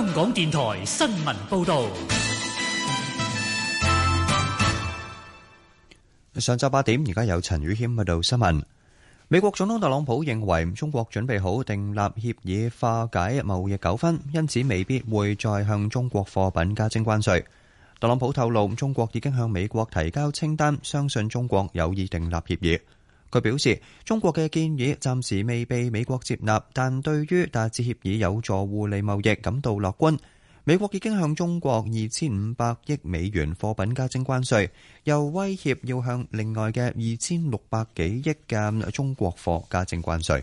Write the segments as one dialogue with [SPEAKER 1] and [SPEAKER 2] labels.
[SPEAKER 1] 香港電台新聞報道：
[SPEAKER 2] 上晝八點，而家有陳宇謙報道新聞。美國總統特朗普認為中國準備好訂立協議化解貿易糾紛，因此未必會再向中國貨品加徵關稅。特朗普透露，中國已經向美國提交清單，相信中國有意訂立協議。佢表示，中國嘅建議暫時未被美國接納，但對於達至協議有助互利貿易感到樂觀。美國已經向中國二千五百億美元貨品加徵關稅，又威脅要向另外嘅二千六百幾億嘅中國貨加徵關稅。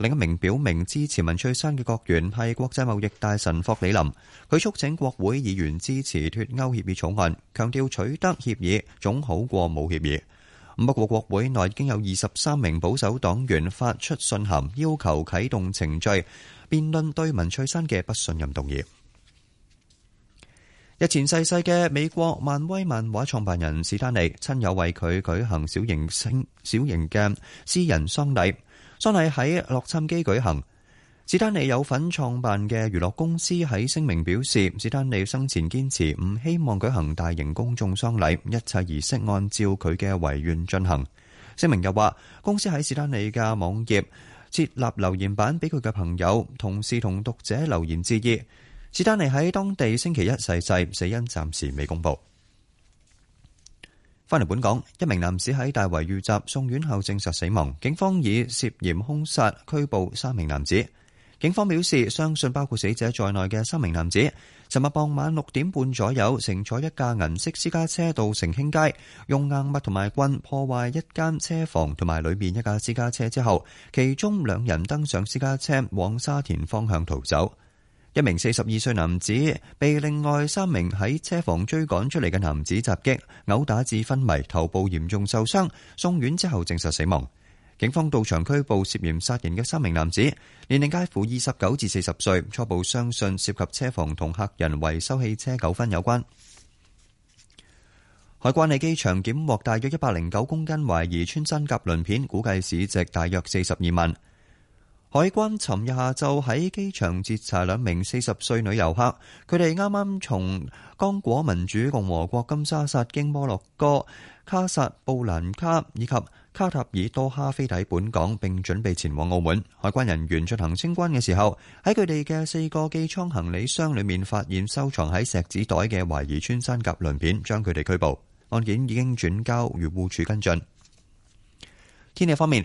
[SPEAKER 2] 另一名表明支持文翠珊嘅國員係國際貿易大臣霍里林，佢促請國會議員支持脱歐協議草案，強調取得協議總好過冇協議。不過，國會內已經有二十三名保守黨員發出信函，要求啟動程序辯論對文翠珊嘅不信任動議。日前逝世嘅美國漫威漫畫創辦人史丹尼，親友為佢舉行小型小小型嘅私人喪禮。喪禮喺洛杉磯舉行。史丹尼有份創辦嘅娛樂公司喺聲明表示，史丹尼生前堅持唔希望舉行大型公眾喪禮，一切儀式按照佢嘅遺願進行。聲明又話，公司喺史丹尼嘅網頁設立留言板，俾佢嘅朋友、同事同讀者留言致意。史丹尼喺當地星期一逝世，死因暫時未公布。翻嚟本港，一名男子喺大圍遇襲送院後證實死亡，警方以涉嫌兇殺拘捕三名男子。警方表示，相信包括死者在內嘅三名男子，尋日傍晚六點半左右，乘坐一架銀色私家車到城興街，用硬物同埋棍破壞一間車房同埋裏面一架私家車之後，其中兩人登上私家車往沙田方向逃走。一名四十二歲男子被另外三名喺車房追趕出嚟嘅男子襲擊，毆打致昏迷，頭部嚴重受傷，送院之後證實死亡。警方到場拘捕涉嫌殺人嘅三名男子，年齡介乎二十九至四十歲，初步相信涉及車房同客人維修汽車糾紛有關。海關喺機場檢獲大約一百零九公斤懷疑穿山甲鱗片，估計市值大約四十二萬。海關尋日下晝喺機場截查兩名四十歲女遊客，佢哋啱啱從剛果民主共和國金沙薩經摩洛哥卡薩布蘭卡以及卡塔爾多哈飛抵本港，並準備前往澳門。海關人員進行清關嘅時候，喺佢哋嘅四個機艙行李箱裏面發現收藏喺石子袋嘅懷疑穿山甲鱗片，將佢哋拘捕。案件已經轉交漁護署跟進。天氣方面。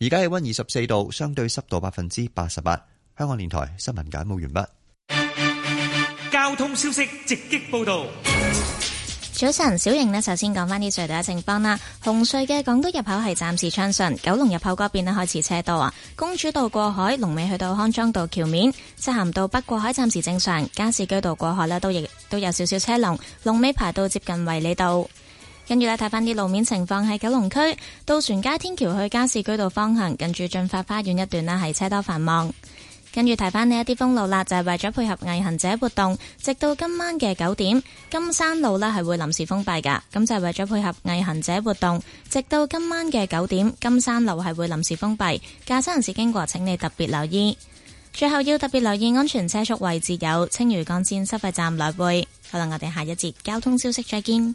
[SPEAKER 2] 而家氣溫二十四度，相對濕度百分之八十八。香港電台新聞簡報完畢。
[SPEAKER 1] 交通消息直擊
[SPEAKER 2] 報道。
[SPEAKER 3] 早晨，小瑩呢，首先講翻啲隧道嘅情況啦。紅隧嘅港島入口係暫時暢順，九龍入口嗰邊呢，開始車多啊。公主道過海，龍尾去到康莊道橋面；西行道北過海暫時正常，加士居道過海呢，都亦都有少少車龍，龍尾排到接近維里道。跟住咧，睇翻啲路面情況，喺九龍區渡船街天橋去加士居道方向，跟住駿發花園一段啦，係車多繁忙。跟住睇翻呢一啲封路啦，就係、是、為咗配合毅行者活動，直到今晚嘅九點，金山路啦係會臨時封閉噶。咁就係為咗配合毅行者活動，直到今晚嘅九點，金山路係會臨時封閉，駕車人士經過，請你特別留意。最後要特別留意安全車速位置有青嶼幹線收費站來回。好啦，我哋下一節交通消息再見。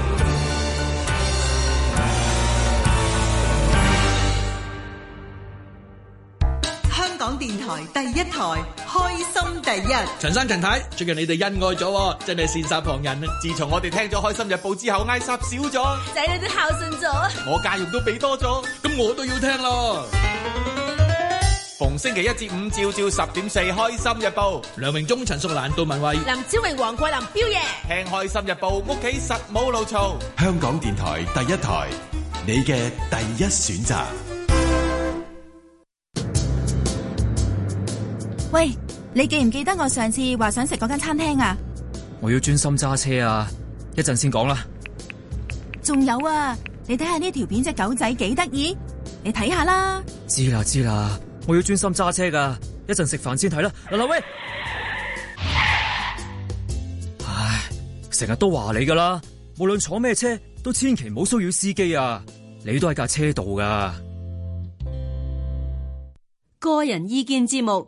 [SPEAKER 3] 第一台開心第一，
[SPEAKER 4] 陳生陳太，最近你哋恩愛咗，真係羨煞旁人。自從我哋聽咗《開心日報》之後，挨殺少咗，
[SPEAKER 3] 仔女都孝順咗，
[SPEAKER 4] 我家用都俾多咗，咁我都要聽咯。逢星期一至五，朝朝十點四，《開心日報》，梁榮忠、陳淑蘭、杜文慧、
[SPEAKER 3] 林超榮、黃桂林、彪爺，
[SPEAKER 4] 聽《開心日報》，屋企實冇怒
[SPEAKER 5] 嘈。香港電台第一台，你嘅第一選擇。
[SPEAKER 3] 喂，你記唔記得我上次話想食嗰間餐廳啊？
[SPEAKER 4] 我要專心揸車啊，一陣先講啦。
[SPEAKER 3] 仲有啊，你睇下呢條片，隻狗仔幾得意，你睇下啦。
[SPEAKER 4] 知啦知啦，我要專心揸車噶，一陣食飯先睇啦。嗱嗱喂，唉，成日都話你噶啦，無論坐咩車都千祈唔好騷擾司機啊。你都喺架車度噶。
[SPEAKER 3] 個人意見節目。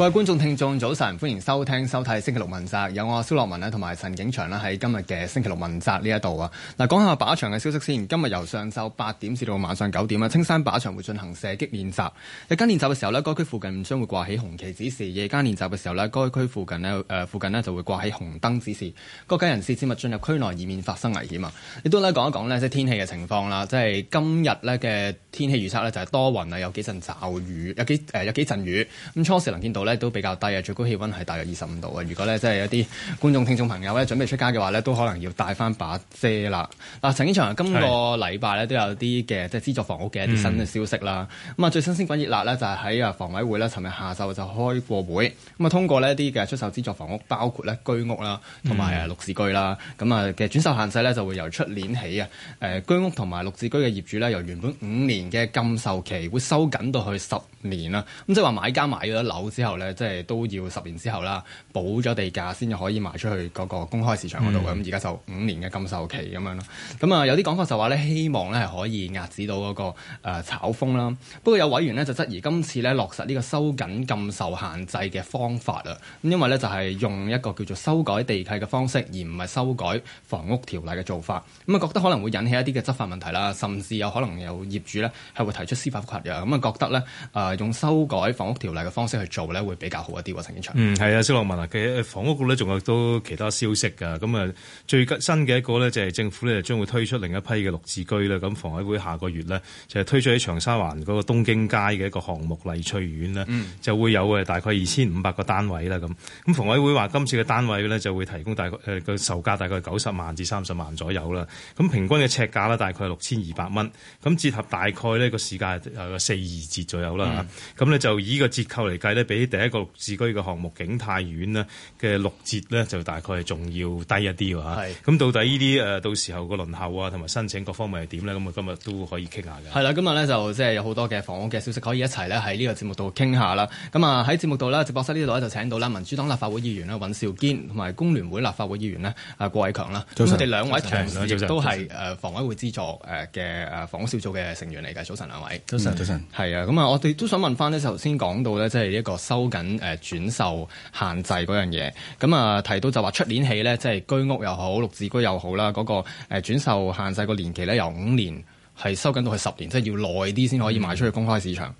[SPEAKER 4] 各位觀眾、聽眾，早晨，歡迎收聽、收睇《星期六問責》，有我蕭樂文咧，同埋陳景祥啦，喺今日嘅《星期六問責》呢一度啊！嗱，講下靶場嘅消息先。今日由上晝八點至到晚上九點啊，青山靶場會進行射擊練習。日間練習嘅時候呢，該區附近將會掛起紅旗指示；夜間練習嘅時候呢，該區附近呢誒、呃、附近咧就會掛起紅燈指示。各界人士切勿進入區內，以免發生危險啊！亦都咧講一講呢即係天氣嘅情況啦。即係今日呢嘅天氣預測呢，就係多雲啊，有幾陣驟雨，有幾、呃、有幾陣、呃、雨。咁初時能見度都比較低啊！最高氣温係大約二十五度啊！如果呢，即係一啲觀眾、聽眾朋友呢，準備出街嘅話呢，都可能要帶翻把遮啦。嗱、啊，陳先生，今個禮拜呢，都有啲嘅即係資助房屋嘅一啲新嘅消息啦。咁啊、嗯，最新鮮滾熱辣呢，就係喺啊房委會呢，尋日下晝就開過會，咁啊通過呢啲嘅出售資助房屋，包括呢居屋啦，同埋啊綠置居啦，咁啊嘅轉售限制呢，就會由出年起啊，誒居屋同埋綠置居嘅業主呢，由原本五年嘅禁售期會收緊到去十年啦。咁即係話買家買咗樓之後，即係都要十年之後啦，補咗地價先至可以賣出去嗰個公開市場嗰度。咁而家就五年嘅禁售期咁樣咯。咁啊有啲講法就話呢，希望呢係可以壓止到嗰個、呃、炒風啦。不過有委員呢就質疑今次呢，落實呢個收緊禁售限制嘅方法啦。咁因為呢，就係用一個叫做修改地契嘅方式，而唔係修改房屋條例嘅做法。咁啊覺得可能會引起一啲嘅執法問題啦，甚至有可能有業主呢係會提出司法覆核嘅。咁啊覺得呢，誒、呃、用修改房屋條例嘅方式去做呢。會比較好一啲喎，陳景祥。嗯，係
[SPEAKER 6] 啊，蕭樂文啊，其實房屋局咧仲有都其他消息㗎，咁啊，最近新嘅一個咧就係政府咧將會推出另一批嘅綠置居啦。咁房委會下個月咧就係推出喺長沙灣嗰個東京街嘅一個項目麗翠苑咧，就會有嘅大概二千五百個單位啦咁。咁房委會話今次嘅單位咧就會提供大概誒個售價大概九十萬至三十萬左右啦。咁平均嘅尺價咧大概六千二百蚊。咁折合大概呢個市價係個四二折左右啦嚇。咁咧、嗯、就以個折扣嚟計咧，比第一個綠置居嘅項目景泰苑呢嘅六折呢，就大概係仲要低一啲㗎。咁到底呢啲誒到時候個輪候啊同埋申請各方面係點呢？
[SPEAKER 4] 咁我今日都可以傾下嘅。係啦，今日呢，就即係有好多嘅房屋嘅消息可以一齊呢喺呢個節目度傾下啦。咁啊喺節目度呢直播室呢度呢，就請到啦民主黨立法會議員啦尹兆堅同埋工聯會立法會議員呢阿郭偉強啦。咁佢哋兩位同事亦都係誒房委會資助誒嘅誒房屋小組嘅成員嚟嘅。早晨兩位。早晨，早晨。係啊，咁啊我哋都想問翻呢，頭先講到呢，即係一個收。收緊誒轉售限制嗰樣嘢，咁、嗯、啊提到就話出年起呢，即係居屋又好，綠置居又好啦，嗰、那個誒轉售限制個年期呢，由五年係收緊到去十年，即係要耐啲先可以賣出去公開市場。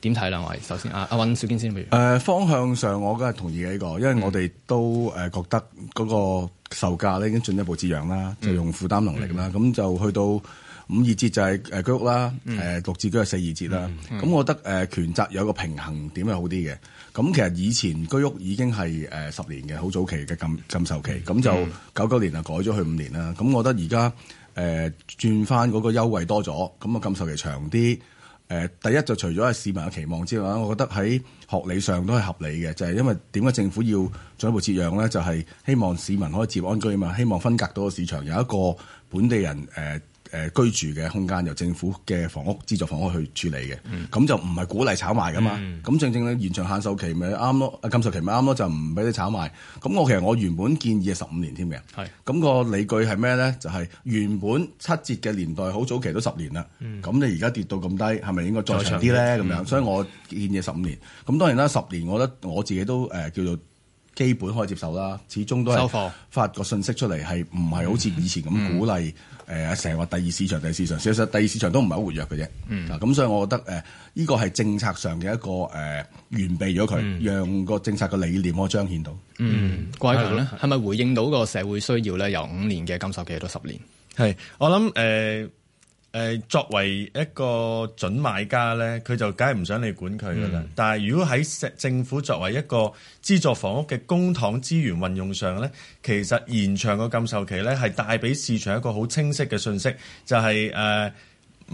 [SPEAKER 4] 點睇兩位？首先阿阿尹兆堅先。誒、啊
[SPEAKER 5] 啊呃，方向上我梗係同意嘅、這、呢個，因為我哋都誒覺得嗰個售價呢已經進一步滋養啦，嗯、就用負擔能力啦，咁、嗯、就去到。五二折就係誒居屋啦，誒獨置居係四二折啦。咁、嗯嗯、我覺得誒、呃、權責有一個平衡點係好啲嘅。咁其實以前居屋已經係誒、呃、十年嘅好早期嘅禁禁售期，咁就九九年就改咗去五年啦。咁我覺得而家誒轉翻嗰個優惠多咗，咁啊禁售期長啲。誒、呃、第一就除咗係市民嘅期望之外，我覺得喺學理上都係合理嘅，就係、是、因為點解政府要做一步折讓咧？就係、是、希望市民可以住安居啊嘛，希望分隔到個市場，有一個本地人誒。呃呃呃呃呃呃呃呃誒、呃、居住嘅空間由政府嘅房屋資助房屋去處理嘅，咁、嗯、就唔係鼓勵炒賣噶嘛。咁、嗯、正正咧，延長限售期咪啱咯，啊禁售期咪啱咯，就唔俾你炒賣。咁我其實我原本建議係十五年添嘅，咁是個理據係咩咧？就係、是、原本七折嘅年代好早期都十年啦，咁、嗯、你而家跌到咁低，係咪應該再長啲咧？咁樣，嗯、所以我建議十五年。咁當然啦，十年我覺得我自己都誒叫做基本可以接受啦。始終都係收貨，發個信息出嚟，係唔係好似以前咁鼓勵？嗯嗯嗯嗯嗯誒成日話第二市場，第二市場，事實第二市場都唔係好活躍嘅啫。啊、嗯，咁所以我覺得誒，依個係政策上嘅一個誒，完、呃、備咗佢，嗯、讓個政策嘅理念可以彰顯到。嗯，乖寶咧，係咪、嗯、回
[SPEAKER 4] 應到個社會需要咧？由五年嘅禁售期到十年，係我諗誒。呃
[SPEAKER 7] 誒，作為一個準買家咧，佢就梗係唔想你管佢噶啦。嗯、但係如果喺政府作為一個資助房屋嘅公帑資源運用上咧，其實延長個禁售期咧，係帶俾市場一個好清晰嘅信息，就係誒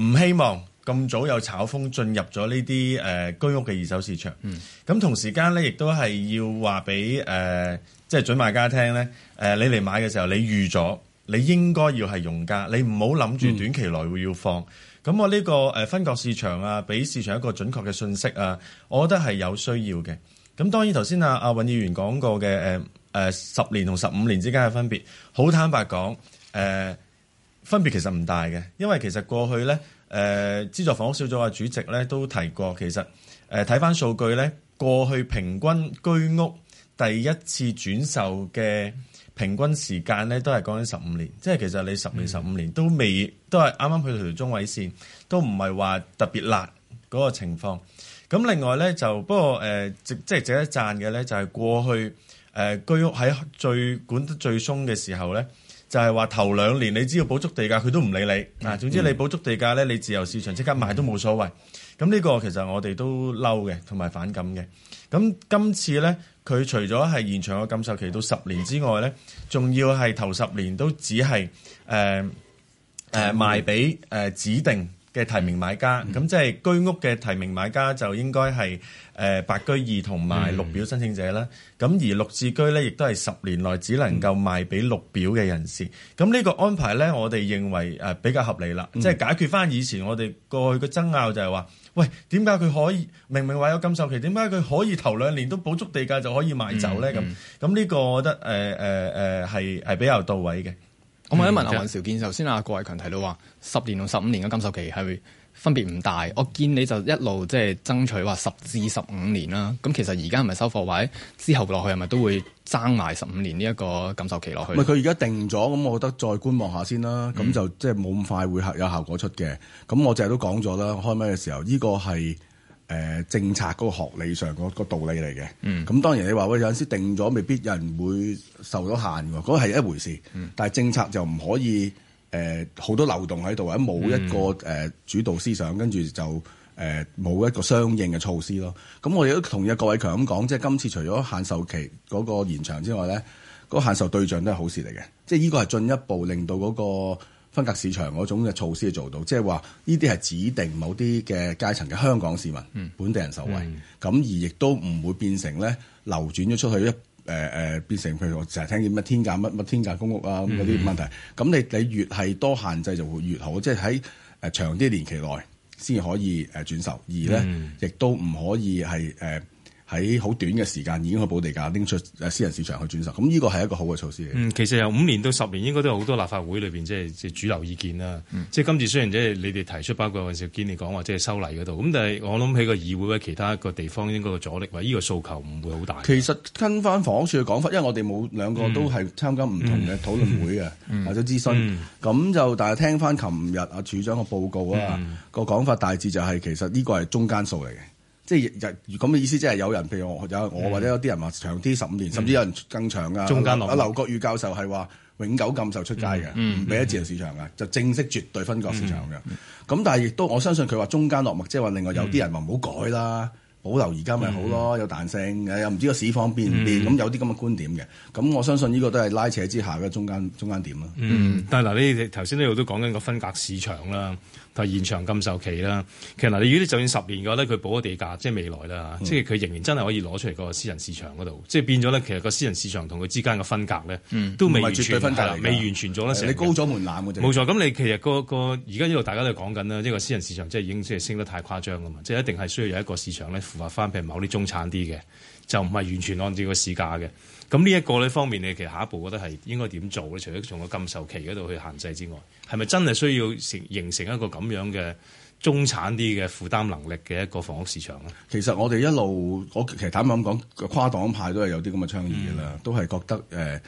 [SPEAKER 7] 唔希望咁早有炒風進入咗呢啲誒居屋嘅二手市場。咁、嗯、同時間咧，亦都係要話俾誒即係準買家聽咧，誒、呃、你嚟買嘅時候，你預咗。你應該要係用家，你唔好諗住短期內會要放。咁、嗯、我呢個誒分割市場啊，俾市場一個準確嘅信息啊，我覺得係有需要嘅。咁當然頭先啊啊尹議員講過嘅誒誒十年同十五年之間嘅分別，好坦白講誒、呃、分別其實唔大嘅，因為其實過去呢，誒、呃、資助房屋小組嘅主席呢都提過，其實誒睇翻數據呢，過去平均居屋第一次轉售嘅。平均時間咧都係講緊十五年，即係其實你十年十五、嗯、年都未都係啱啱去到條中位線，都唔係話特別辣嗰個情況。咁另外咧就不過誒，即、呃、係值，值得讚嘅咧就係、是、過去誒、呃、居屋喺最管得最鬆嘅時候咧，就係、是、話頭兩年你只要補足地價佢都唔理你嗱，嗯、總之你補足地價咧你自由市場即刻賣都冇所謂。咁呢、嗯、個其實我哋都嬲嘅同埋反感嘅。咁今次咧。佢除咗係延長嘅禁售期到十年之外咧，仲要係頭十年都只係誒誒賣俾誒指定嘅提名買家，咁即係居屋嘅提名買家就應該係誒白居二同埋綠表申請者啦。咁而綠置居咧，亦都係十年內只能夠賣俾綠表嘅人士。咁呢個安排咧，我哋認為誒比較合理啦，即係解決返以前我哋過去嘅爭拗就係話。喂，點解佢可以明明話有禁售期，點解佢可以頭兩年都補足地價就可以
[SPEAKER 4] 買走咧？咁咁呢個我覺得誒誒誒係係比較到位嘅。嗯、我問一問阿尹兆堅，頭先阿郭偉強提到話十年同十五年嘅禁售期係會分別唔大，我見你就一路即係爭取話十至十五年啦。咁其實而家係咪收貨位？之後落去係咪都會爭埋十五年呢一個感受
[SPEAKER 5] 期落去？佢而家定咗，咁我覺得再觀望下先啦。咁就即係冇咁快會有效果出嘅。咁、嗯、我淨係都講咗啦，開咩嘅時候，呢、呢個係誒、呃、政策嗰個學理上嗰個道理嚟嘅。咁、嗯、當然你話喂有陣時定咗，未必有人會受到限喎，嗰係一回事。嗯、但係政策就唔可以。誒好多漏洞喺度，或者冇一個誒主導思想，跟住、嗯、就誒冇一個相應嘅措施咯。咁我哋都同意阿郭偉強咁講，即係今次除咗限售期嗰個延長之外咧，嗰個限售對象都係好事嚟嘅。即係呢個係進一步令到嗰個分隔市場嗰種嘅措施做到，即係話呢啲係指定某啲嘅階層嘅香港市民、嗯、本地人受惠，咁、嗯、而亦都唔會變成咧流轉咗出去一。誒誒、呃、變成譬如我成日聽見乜天價乜乜天價公屋啊，咁嗰啲問題，咁、mm. 你你越係多限制就會越好，即係喺誒長啲年期內先可以誒、呃、轉售，而咧、mm. 亦都唔可以係誒。呃喺好短嘅時間已經去補地價拎出誒私人市場去轉售，咁呢個係一個好嘅措施嚟、嗯。
[SPEAKER 6] 其實由五年到十年應該都有好多立法會裏邊即係即係主流意見啦。嗯、即係今次雖然即係你哋提出包括尹兆堅你講話即係修例嗰度，咁但係我諗喺個議會或其他個地方應該個阻力話呢、呢個訴求唔會好大。
[SPEAKER 5] 其實跟翻房署嘅講法，因為我哋冇兩個都係參加唔同嘅討論會啊，嗯嗯嗯、或者諮詢，咁、嗯嗯、就但係聽翻琴日啊處長嘅報告啊，嗯嗯、個講法大致就係、是、其實呢個係中間數嚟嘅。即係日咁嘅意思，即係有人譬如我有、嗯、我或者有啲人話長啲十五年，嗯、甚至有人更長啊！啊，劉國裕教授係話永久禁售出街嘅，唔俾喺自由市場嘅，嗯嗯、就正式絕對分割市場嘅。樣、嗯。咁、嗯、但係亦都我相信佢話中間落墨，即係話另外有啲人話唔好改啦。嗯嗯保留而家咪好咯，嗯、有彈性，又唔知個市況變唔變，咁、嗯、有啲咁嘅觀點嘅。咁我相信呢個都係拉扯之下嘅中間中間點咯。嗯，嗯
[SPEAKER 6] 但係嗱，你頭先呢度都講緊個分隔市場啦，同埋延長禁售期啦。其實嗱，你如果就算十年嘅話咧，佢補咗地價，即係未來啦，嗯、即係佢仍然真係可以攞出嚟個私人市場嗰度，即係變咗咧。其實個私人市場同佢之間嘅分隔咧，嗯、都未完全絕對分隔，未完全咗咧。你高
[SPEAKER 5] 咗門檻嘅，冇錯。
[SPEAKER 6] 咁你其實、嗰個而家呢度大家都講緊啦，一個私人市場即係已經即係升得太誇張㗎嘛，即係一定係需要有一個市場咧。扶翻譬如某啲中產啲嘅，就唔係完全按照個市價嘅。咁呢一個呢方面，你其實下一步覺得係應該點做咧？除咗從個禁售期嗰度去限制之外，係咪真係需要成形成一個咁樣嘅中產啲嘅負擔能力嘅一個房屋市場咧？
[SPEAKER 5] 其實我哋一路，我其實坦白咁講，跨黨派都係有啲咁嘅倡議嘅啦，嗯、都係覺得誒，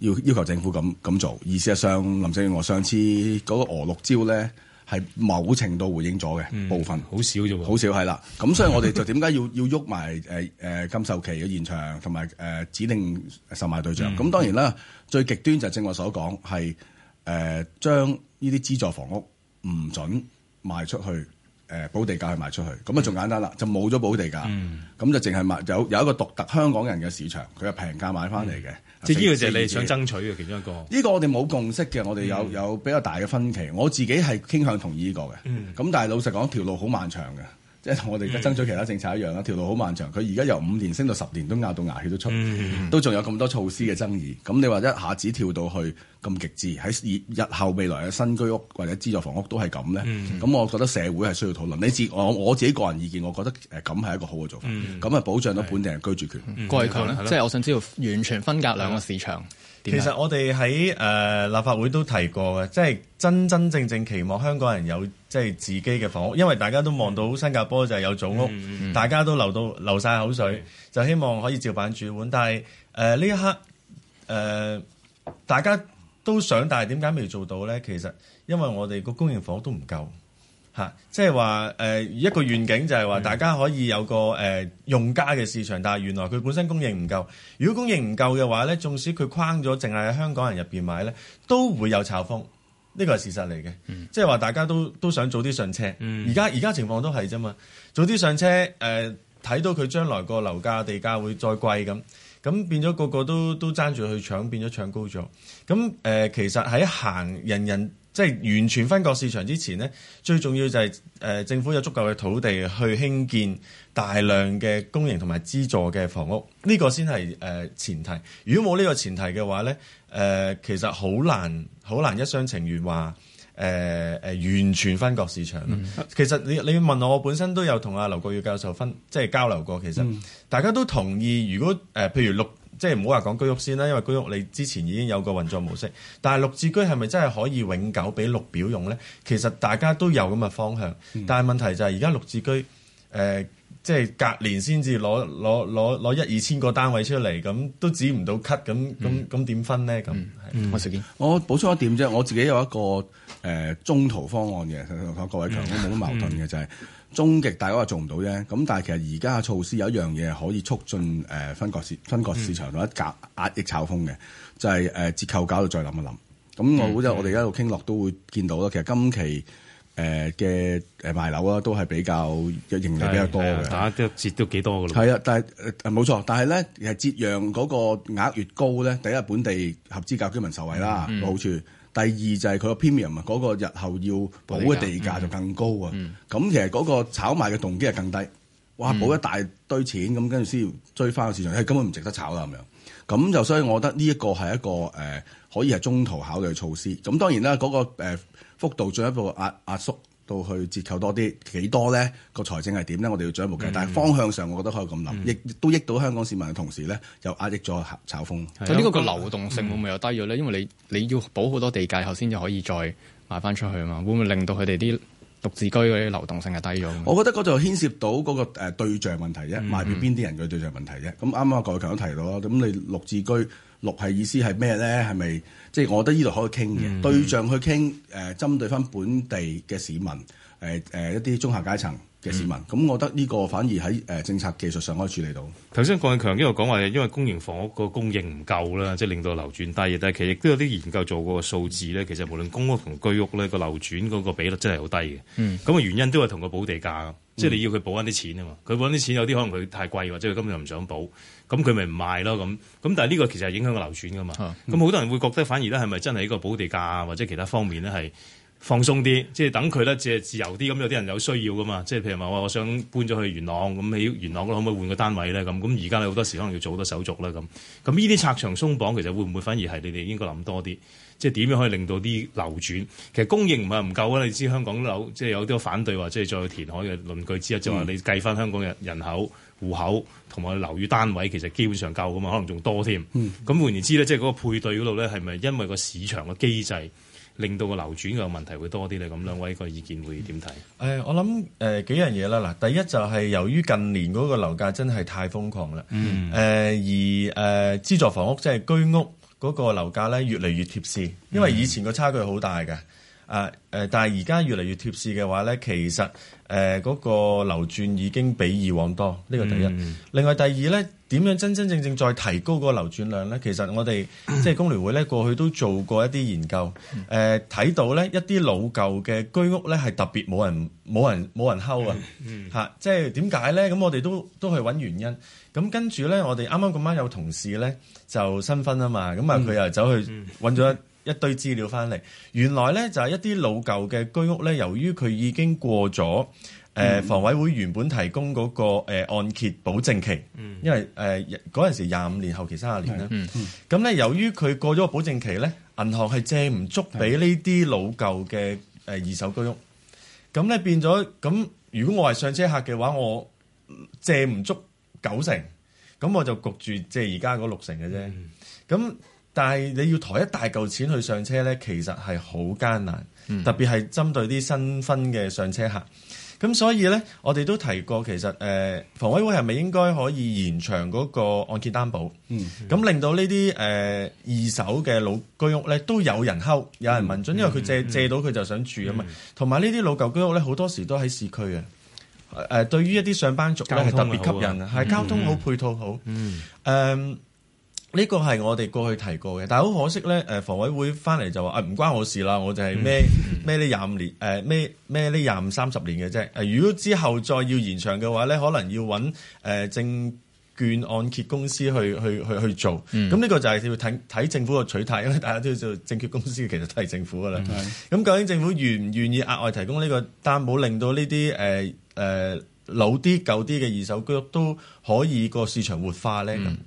[SPEAKER 5] 要、呃、要求政府咁咁做。意思係上林鄭月娥上次嗰個呃六招咧。係某程度回應咗嘅、嗯、部分，好少啫喎，好少係啦。咁所以我哋就點解要要喐埋誒誒禁售期嘅延長，同埋誒指定售賣對象。咁、嗯、當然啦，最極端就正我所講，係誒、呃、將呢啲資助房屋唔準賣出去，誒、呃、補地價去賣出去。咁啊，仲簡單啦，嗯、就冇咗補地價，咁、嗯、就淨係賣有有一個獨特香港人嘅市場，佢係平價買翻嚟嘅。嗯即係呢個就係你想爭
[SPEAKER 6] 取嘅其中一個，
[SPEAKER 5] 呢個我哋冇共識嘅，我哋有、嗯、有比較大嘅分歧。我自己係傾向同意呢個嘅，咁、嗯、但係老實講，條路好漫長嘅。即係同我哋而家爭取其他政策一樣啦，條路好漫長。佢而家由五年升到十年都壓到牙血都出，都仲有咁多措施嘅爭議。咁你話一下子跳到去咁極致，喺日後未來嘅新居屋或者資助房屋都係咁咧。咁我覺得社會係需要討論。你自我，我自己個人意見，我覺得誒咁係一個好嘅做法，咁啊保障到本地人居住權。郭偉強咧，即係我想知道
[SPEAKER 4] 完全分隔
[SPEAKER 7] 兩
[SPEAKER 5] 個市場。其實
[SPEAKER 7] 我哋喺誒立法會都提過嘅，即係真真正正期望香港人有即係自己嘅房屋，因為大家都望到新加坡就係有組屋，嗯嗯、大家都流到流晒口水，嗯、就希望可以照板煮碗。但係誒呢一刻誒、呃、大家都想，但係點解未做到呢？其實因為我哋個供應房屋都唔夠。嚇，即係話誒一個願景就係話大家可以有個誒、呃、用家嘅市場，但係原來佢本身供應唔夠。如果供應唔夠嘅話咧，縱使佢框咗，淨係喺香港人入面買咧，都會有炒風。呢個係事實嚟嘅，即係話大家都都想早啲上車。而家而家情況都係啫嘛，早啲上車誒，睇、呃、到佢將來個樓價地價會再貴咁，咁變咗個個都都爭住去搶，變咗搶高咗。咁誒、呃，其實喺行人，人人。即係完全分割市場之前呢，最重要就係誒政府有足夠嘅土地去興建大量嘅公營同埋資助嘅房屋，呢、這個先係誒前提。如果冇呢個前提嘅話呢，誒、呃、其實好難好難一廂情願話誒誒、呃呃、完全分割市場。嗯、其實你你問我，我本身都有同阿劉國宇教授分即係交流過，其實、嗯、大家都同意，如果誒、呃、譬如六即係唔好話講居屋先啦，因為居屋你之前已經有個運作模式，但係綠置居係咪真係可以永久俾綠表用咧？其實大家都有咁嘅方向，但係問題就係而家綠置居誒、呃，即係隔年先至攞攞攞攞一二千個單位出嚟，咁都止唔到咳，咁咁咁點分咧？咁，
[SPEAKER 5] 我石我補充一點啫，我自己有一個誒、呃、中途方案嘅，同偉強都冇乜矛盾嘅、嗯、就係、是。終極大家個做唔到啫，咁但係其實而家嘅措施有一樣嘢可以促進誒分隔市分隔市場同埋壓壓抑炒風嘅，就係誒折扣搞到再諗一諗。咁我好在我哋一路喺傾落都會見到啦。其實今期誒嘅誒賣樓啦都係比較盈利比較多嘅，打
[SPEAKER 6] 都折都幾多嘅咯。係
[SPEAKER 5] 啊，但係冇錯，但係咧係折讓嗰個額越高咧，第一本地合資格居民受惠啦，嗯、好處。第二就係佢個 premium 啊，嗰個日後要補嘅地價就更高啊，咁、嗯、其實嗰個炒賣嘅動機係更低，哇，補一大堆錢咁跟住先追翻個市場，係、哎、根本唔值得炒啦咁樣，咁就所以我覺得呢一個係一個誒可以係中途考慮嘅措施，咁當然啦嗰、那個、呃、幅度進一步壓壓縮。到去折扣多啲幾多咧？個財政係點咧？我哋要進一步計，嗯、但係方向上，我覺得可以咁諗，嗯、亦都益到香港市民嘅同時咧，又壓抑咗炒風。咁呢個個流動性會
[SPEAKER 4] 唔會又低咗咧？嗯、因為你你要補好多地界後先至可以再賣返出去啊嘛，會唔會令到佢哋啲綠置居嗰啲流動性係低咗？
[SPEAKER 5] 我覺得嗰度牽涉到嗰個誒對象問題啫，嗯、賣俾邊啲人嘅對象問題啫。咁啱啱郭偉強都提到啦，咁你綠置居。六係意思係咩咧？係咪即係我覺得呢度可以傾嘅、嗯、對象去傾誒？針、呃、對翻本地嘅市民誒誒、呃呃，一啲中下階層。嘅市民，咁、嗯、我覺得呢個反而喺誒政策技術上可以處理到。
[SPEAKER 6] 頭先郭偉強一路講話，因為公營房屋個供應唔夠啦，即係令到流轉低，但係其實亦都有啲研究做過個數字咧。其實無論公屋同居屋咧，個流轉嗰個比率真係好低嘅。咁嘅、嗯、原因都係同個補地價，嗯、即係你要佢補翻啲錢啊嘛。佢補翻啲錢有啲可能佢太貴，或者佢根本就唔想補，咁佢咪唔賣咯咁。咁但係呢個其實係影響個流轉噶嘛。咁好、嗯、多人會覺得反而咧，係咪真係呢個補地價或者其他方面咧係？放鬆啲，即係等佢咧，即係自由啲。咁有啲人有需要噶嘛？即係譬如話，我我想搬咗去元朗，咁喺元朗嗰度可唔可以換個單位咧？咁咁而家你好多時可能要做好多手續啦。咁咁呢啲拆牆鬆綁，其實會唔會反而係你哋應該諗多啲？即係點樣可以令到啲流轉？其實供應唔係唔夠啊！你知香港樓即係有啲反對話，即係再填海嘅論據之一，嗯、就係你計翻香港嘅人口、戶口同埋樓宇單位，其實基本上夠噶嘛，可能仲多添。咁、嗯嗯、換言之咧，即係嗰個配對嗰度咧，係咪因為個市場嘅機制？令到個流轉嘅問題會多啲咧，咁兩位個意見會點睇？誒、呃，我諗誒、呃、幾樣嘢啦，嗱，第一就係由於近年嗰個樓價真係
[SPEAKER 7] 太瘋狂啦，誒、嗯呃、而誒、呃、資助房屋即係居屋嗰個樓價咧越嚟越貼市，因為以前個差距好大嘅，誒、呃、誒、呃，但係而家越嚟越貼市嘅話咧，其實誒嗰、呃那個流轉已經比以往多，呢、這個第一。嗯、另外第二咧。點樣真真正正再提高個流轉量咧？其實我哋即係工聯會咧，過去都做過一啲研究，誒睇、 呃、到咧一啲老舊嘅居屋咧，係特別冇人冇人冇人溝啊！嚇、 啊，即係點解咧？咁我哋都都係揾原因。咁跟住咧，我哋啱啱咁晚有同事咧就新婚啊嘛，咁啊佢又走去揾咗一， 一堆資料翻嚟。原來咧就係、是、一啲老舊嘅居屋咧，由於佢已經過咗，誒、呃、房委會原本提供嗰、那個、呃、按揭保證期，嗯、因為誒嗰陣時廿五年後期三十年咧。咁咧，由於佢過咗個保證期咧，銀行係借唔足俾呢啲老舊嘅誒、呃、二手居屋。咁、嗯、咧、嗯嗯、變咗咁，如果我係上車客嘅話，我借唔足九成，咁我就焗住借而家嗰六成嘅啫。咁、嗯嗯嗯嗯嗯、但係你要抬一大嚿錢去上車咧，其實係好艱難，特別係針對啲新婚嘅上車客，上車客。咁所以咧，我哋都提過其實誒房委會係咪應該可以延長嗰個按揭擔保？嗯，咁、嗯、令到呢啲誒二手嘅老居屋咧都有人吼，有人問津，因為佢借、嗯、借到佢就想住啊嘛。同埋呢啲老舊居屋咧，好多時都喺市區嘅。誒、呃，對於一啲上班族咧係、啊、特別吸引，係、嗯、交通好配套好。嗯，誒、嗯。呢個係我哋過去提過嘅，但係好可惜咧。誒、呃、房委會翻嚟就話：誒、哎、唔關我事啦，我就係孭孭呢廿五年誒孭孭呢廿五三十年嘅啫。誒、呃、如果之後再要延長嘅話咧，可能要揾誒、呃、證券按揭公司去去去去做。咁呢、mm hmm. 個就係要睇睇政府個取態，因為大家都要做證券公司，其實都係政府噶啦。咁、mm hmm. 究竟政府願唔願意額外提供呢、這個擔保，但令到呢啲誒誒老啲、舊啲嘅二手居屋都可以個市場活化咧？Mm hmm.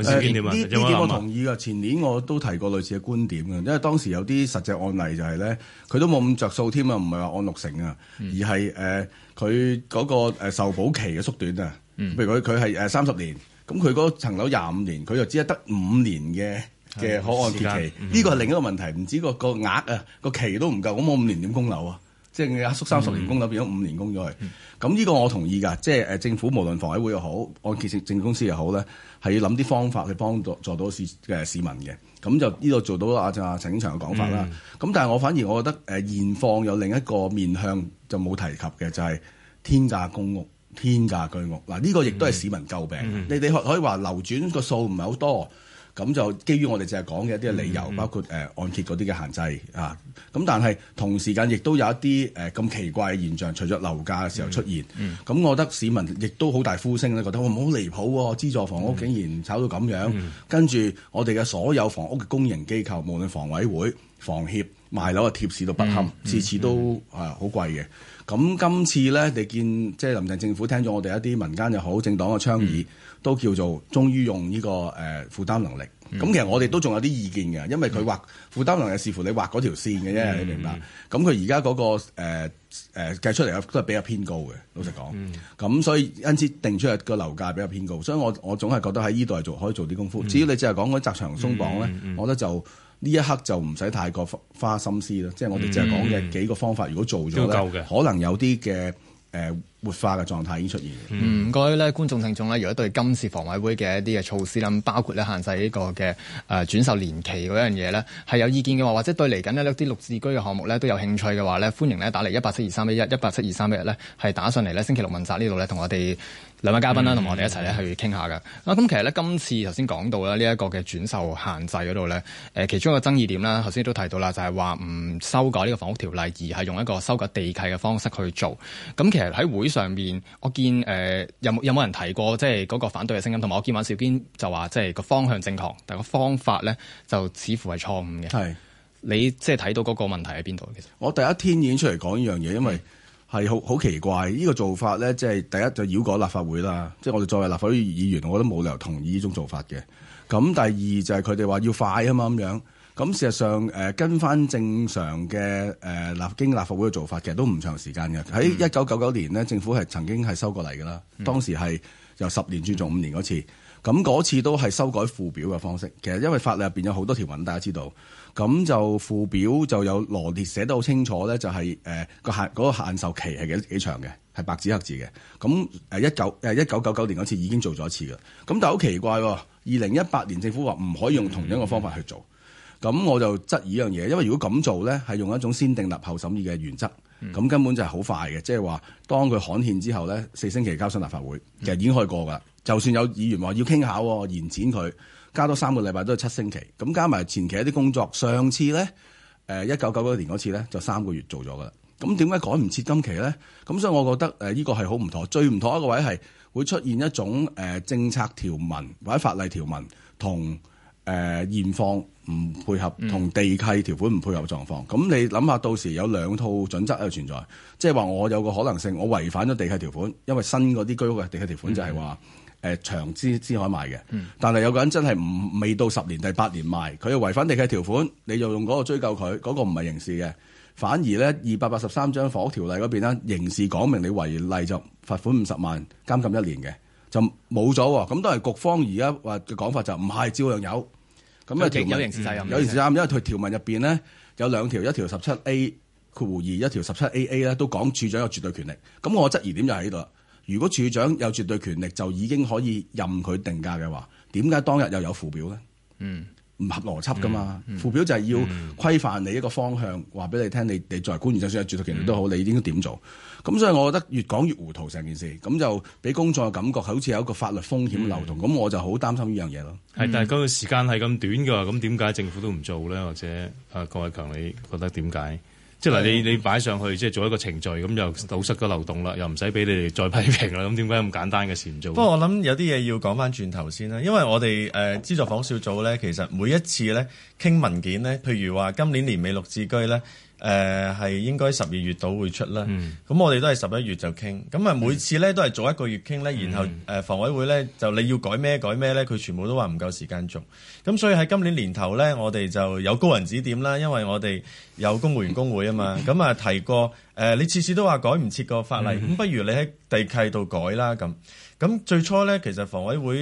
[SPEAKER 7] 呢呢啲我同
[SPEAKER 5] 意啊。前年我都提過類似嘅觀點啊，因為當時有啲實際案例就係、是、咧，佢都冇咁着數添啊，唔係話按六成啊，嗯、而係誒佢嗰個誒受保期嘅縮短啊，譬如佢佢係誒三十年，咁佢嗰層樓廿五年，佢又只係得五年嘅嘅的可按揭期，呢、嗯、個係另一個問題，唔止個個額啊、個期都唔夠，咁我五年點供樓啊？即係你壓縮三十年工，就、嗯、變咗五年工咗去。咁呢、嗯、個我同意㗎，即係誒政府無論房委會又好，按揭證證券公司又好咧，係要諗啲方法去幫助到做到市嘅市民嘅。咁就呢度做到阿阿陳景祥嘅講法啦。咁但係我反而我覺得誒現況有另一個面向就冇提及嘅，就係、是、天價公屋、天價居屋嗱，呢、啊這個亦都係市民詬病。嗯、你哋可可以話流轉個數唔係好多。咁就基於我哋淨係講嘅一啲嘅理由，嗯嗯、包括誒、呃、按揭嗰啲嘅限制啊。咁但係同時間亦都有一啲誒咁奇怪嘅現象，除咗樓價嘅時候出現。咁、嗯嗯、我覺得市民亦都好大呼聲咧，覺得好離譜喎、啊，資助房屋竟然炒到咁樣。嗯嗯、跟住我哋嘅所有房屋嘅公營機構，無論房委會、房協賣樓嘅貼士都不堪，次、嗯嗯嗯、次都啊好貴嘅。咁今次咧，你見即係、就是、林鄭政府聽咗我哋一啲民間又好政黨嘅倡議。都叫做終於用呢、這個誒、呃、負擔能力，咁、嗯、其實我哋都仲有啲意見嘅，因為佢劃負擔能力視乎你劃嗰條線嘅啫，你明白？咁佢而家嗰個誒誒計出嚟都係比較偏高嘅，老實講。咁、嗯、所以因此定出嚟個樓價比較偏高，所以我我總係覺得喺呢度係做可以做啲功夫。至於你淨係講嗰啲窄長鬆綁咧，嗯嗯嗯、我覺得就呢一刻就唔使太過花心思啦。即係我哋淨係講嘅幾個方法，如果做咗咧、嗯，可能有啲嘅誒。呃活化嘅狀態已經出現。唔該咧，嗯、觀眾聽眾呢，如
[SPEAKER 4] 果對今次房委會嘅一啲嘅措施咧，包括咧限制呢個嘅誒、呃、轉售年期嗰樣嘢呢，係有意見嘅話，或者對嚟緊咧一啲綠置居嘅項目呢，都有興趣嘅話呢，歡迎打1，呢打嚟一八七二三一一一八七二三一一咧，係打上嚟呢星期六問責呢度呢，同我哋兩位嘉賓啦，同我哋一齊呢去傾下㗎。咁、啊、其實呢，今次頭先講到咧呢一個嘅轉售限制嗰度呢，誒其中一個爭議點啦，頭先都提到啦，就係話唔修改呢個房屋條例，而係用一個修改地契嘅方式去做。咁其實喺會。上面我見誒、呃、有冇有冇人提過即係嗰個反對嘅聲音，同埋我見尹兆堅就話即係個方向正確，但係個方法咧就似乎係錯誤嘅。係是你即係睇到嗰個問題喺邊度？
[SPEAKER 5] 其實我第一天已經出嚟講呢樣嘢，因為係好好奇怪呢、呢個做法咧，即係第一就繞過立法會啦，即係我哋作為立法會議員，我都冇理由同意呢種做法嘅。咁第二就係佢哋話要快啊嘛，咁樣。咁事實上，誒、呃、跟翻正常嘅誒立經立法會嘅做法，其實都唔長時間嘅。喺一九九九年呢，政府係曾經係收過嚟嘅啦。嗯、當時係由十年轉做五年嗰次，咁嗰次都係修改附表嘅方式。其實因為法律入邊有好多條文，大家知道咁就附表就有羅列寫得好清楚咧，就係、是、誒、呃那個限嗰、那個、限售期係幾幾長嘅，係白紙黑字嘅。咁誒一九誒一九九九年嗰次已經做咗一次嘅，咁但係好奇怪喎、哦，二零一八年政府話唔可以用同樣嘅方法去做。嗯。咁我就質疑一樣嘢，因為如果咁做咧，係用一種先訂立後審議嘅原則，咁根本就係好快嘅。即係話當佢刊憲之後咧，四星期交上立法會，其實已經可以過噶。就算有議員話要傾下喎，延展佢加多三個禮拜都係七星期。咁加埋前期一啲工作，上次咧誒一九九九年嗰次咧，就三個月做咗噶啦。咁點解改唔切今期咧？咁所以，我覺得誒呢個係好唔妥。最唔妥一個位係會出現一種誒、呃、政策條文或者法例條文同誒、呃、現況。唔配合同地契條款唔配合嘅狀況，咁、嗯、你諗下，到時有兩套準則嘅存在，即係話我有個可能性，我違反咗地契條款，因為新嗰啲居屋嘅地契條款就係話誒長之之可賣嘅，但係有個人真係唔未到十年第八年賣，佢又違反地契條款，你就用嗰個追究佢，嗰、嗰個唔係刑事嘅，反而咧二百八十三章房屋條例嗰邊咧，刑事講明你違例就罰款五十萬、監禁一年嘅，就冇咗。咁都係局方而家話嘅講法就唔、是、係，照樣有。咁啊，有形事責任，有形事責任，嗯、因為條文入邊咧有兩條，一條十七 A，括弧二），一條十七 AA 咧都講處長有絕對權力。咁我質疑點就喺呢度啦。如果處長有絕對權力，就已經可以任佢定價嘅話，點解當日又有附表咧？嗯。唔合邏輯噶嘛？附、嗯嗯、表就係要規範你一個方向，話俾、嗯、你聽，你你作為官員就算係絕對權力都好，嗯、你應該點做？咁所以我覺得越講越糊塗成件事，咁就俾工作嘅感覺好似有一個法律風險漏洞，咁、嗯、我就好擔心呢樣嘢咯。係、嗯，但
[SPEAKER 6] 係嗰個時間係咁短㗎，咁點解政府都唔做咧？或者啊，郭偉強，你覺得點解？即係嗱，你你擺上去，即係做一個程序，咁又堵塞個漏洞啦，又唔使俾你哋再批評啦，咁點解咁簡單嘅事唔做？不過
[SPEAKER 7] 我諗有啲嘢要講翻轉頭先啦，因為我哋誒、呃、資助房小組咧，其實每一次咧傾文件咧，譬如話今年年尾六字居咧。誒係、呃、應該十二月度會出啦，咁、嗯、我哋都係十一月就傾，咁啊每次咧都係做一個月傾咧，然後誒房、嗯呃、委會咧就你要改咩改咩咧，佢全部都話唔夠時間做，咁所以喺今年年頭咧，我哋就有高人指點啦，因為我哋有公務員工會啊嘛，咁啊 提過誒、呃、你次次都話改唔切個法例，咁、嗯、不如你喺地契度改啦咁。咁最初咧，其實房委會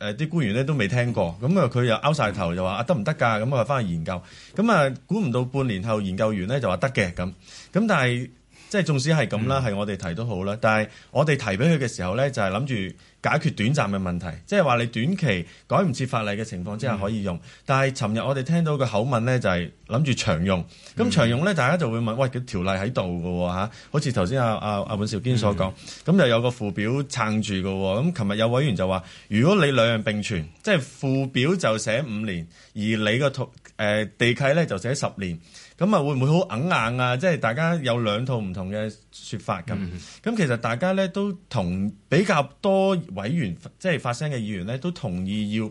[SPEAKER 7] 誒啲官員咧都未聽過，咁啊佢又拗晒頭，就話啊得唔得㗎？咁啊翻去研究，咁啊估唔到半年後研究完咧就話得嘅，咁咁但係。即係縱使係咁啦，係、嗯、我哋提都好啦。但係我哋提俾佢嘅時候呢，就係諗住解決短暫嘅問題，即係話你短期改唔切法例嘅情況之下可以用。嗯、但係尋日我哋聽到個口吻呢，就係諗住長用。咁、嗯、長用呢，大家就會問：喂，條例喺度嘅喎嚇，好似頭先阿阿阿尹兆堅所講，咁、嗯、就有個附表撐住嘅喎。咁琴日有委員就話：如果你兩樣並存，即係附表就寫五年，而你個土誒地契呢，就寫十年。咁啊，會唔會好硬硬啊？即係大家有兩套唔同嘅説法咁。咁、mm hmm. 其實大家咧都同比較多委員即係、就是、發聲嘅議員咧都同意要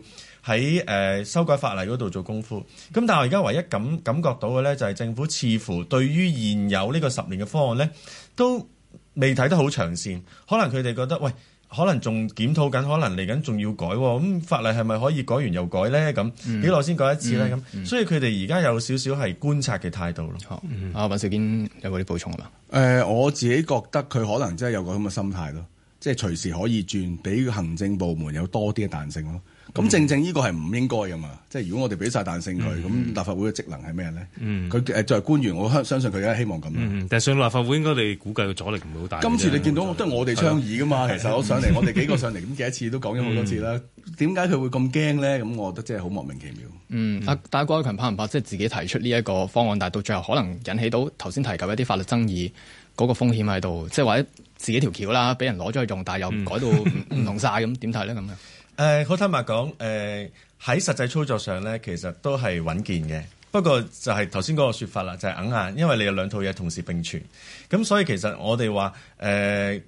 [SPEAKER 7] 喺誒、呃、修改法例嗰度做功夫。咁但係我而家唯一感感覺到嘅咧就係政府似乎對於現有呢個十年嘅方案咧都未睇得好長線，可能佢哋覺得喂。可能仲檢討緊，可能嚟緊仲要改喎。咁法例係咪可以改完又改咧？咁幾耐先改一次咧？咁、嗯嗯嗯、所以佢哋而
[SPEAKER 5] 家有少少係
[SPEAKER 4] 觀察嘅態度咯。尹兆堅有冇啲補充啊？
[SPEAKER 5] 誒、呃，我自己覺得佢可能真係有個咁嘅心態咯，即、就、係、是、隨時可以轉，俾行政部門有多啲嘅彈性咯。咁正正呢個係唔應該噶嘛。即係如果我哋俾晒彈性佢，咁立法會嘅職能係咩咧？佢作為官員，我相信佢而家希望咁。
[SPEAKER 6] 但係上立法會應該你估計阻力唔會好大。今次你見到都係我哋倡議噶嘛。其實我上嚟，我哋幾個上嚟，咁幾
[SPEAKER 5] 多次都講咗好多次啦。點解佢會咁驚咧？咁我覺得真係好莫名其妙。嗯，啊，大家郭偉強怕唔怕？
[SPEAKER 4] 即係自己提出呢一個方案，但係到最後可能引起到頭先提及一啲法律爭議嗰個風險喺度，即係或者自己條橋啦，俾人攞咗去用，但係又改到唔同晒咁，點睇咧咁啊？
[SPEAKER 7] 誒，好、呃、坦白講，誒、呃、喺實際操作上咧，其實都係穩健嘅。不過就係頭先嗰個説法啦，就係、是、「硬硬」，因為你有兩套嘢同時並存。咁所以其實我哋話誒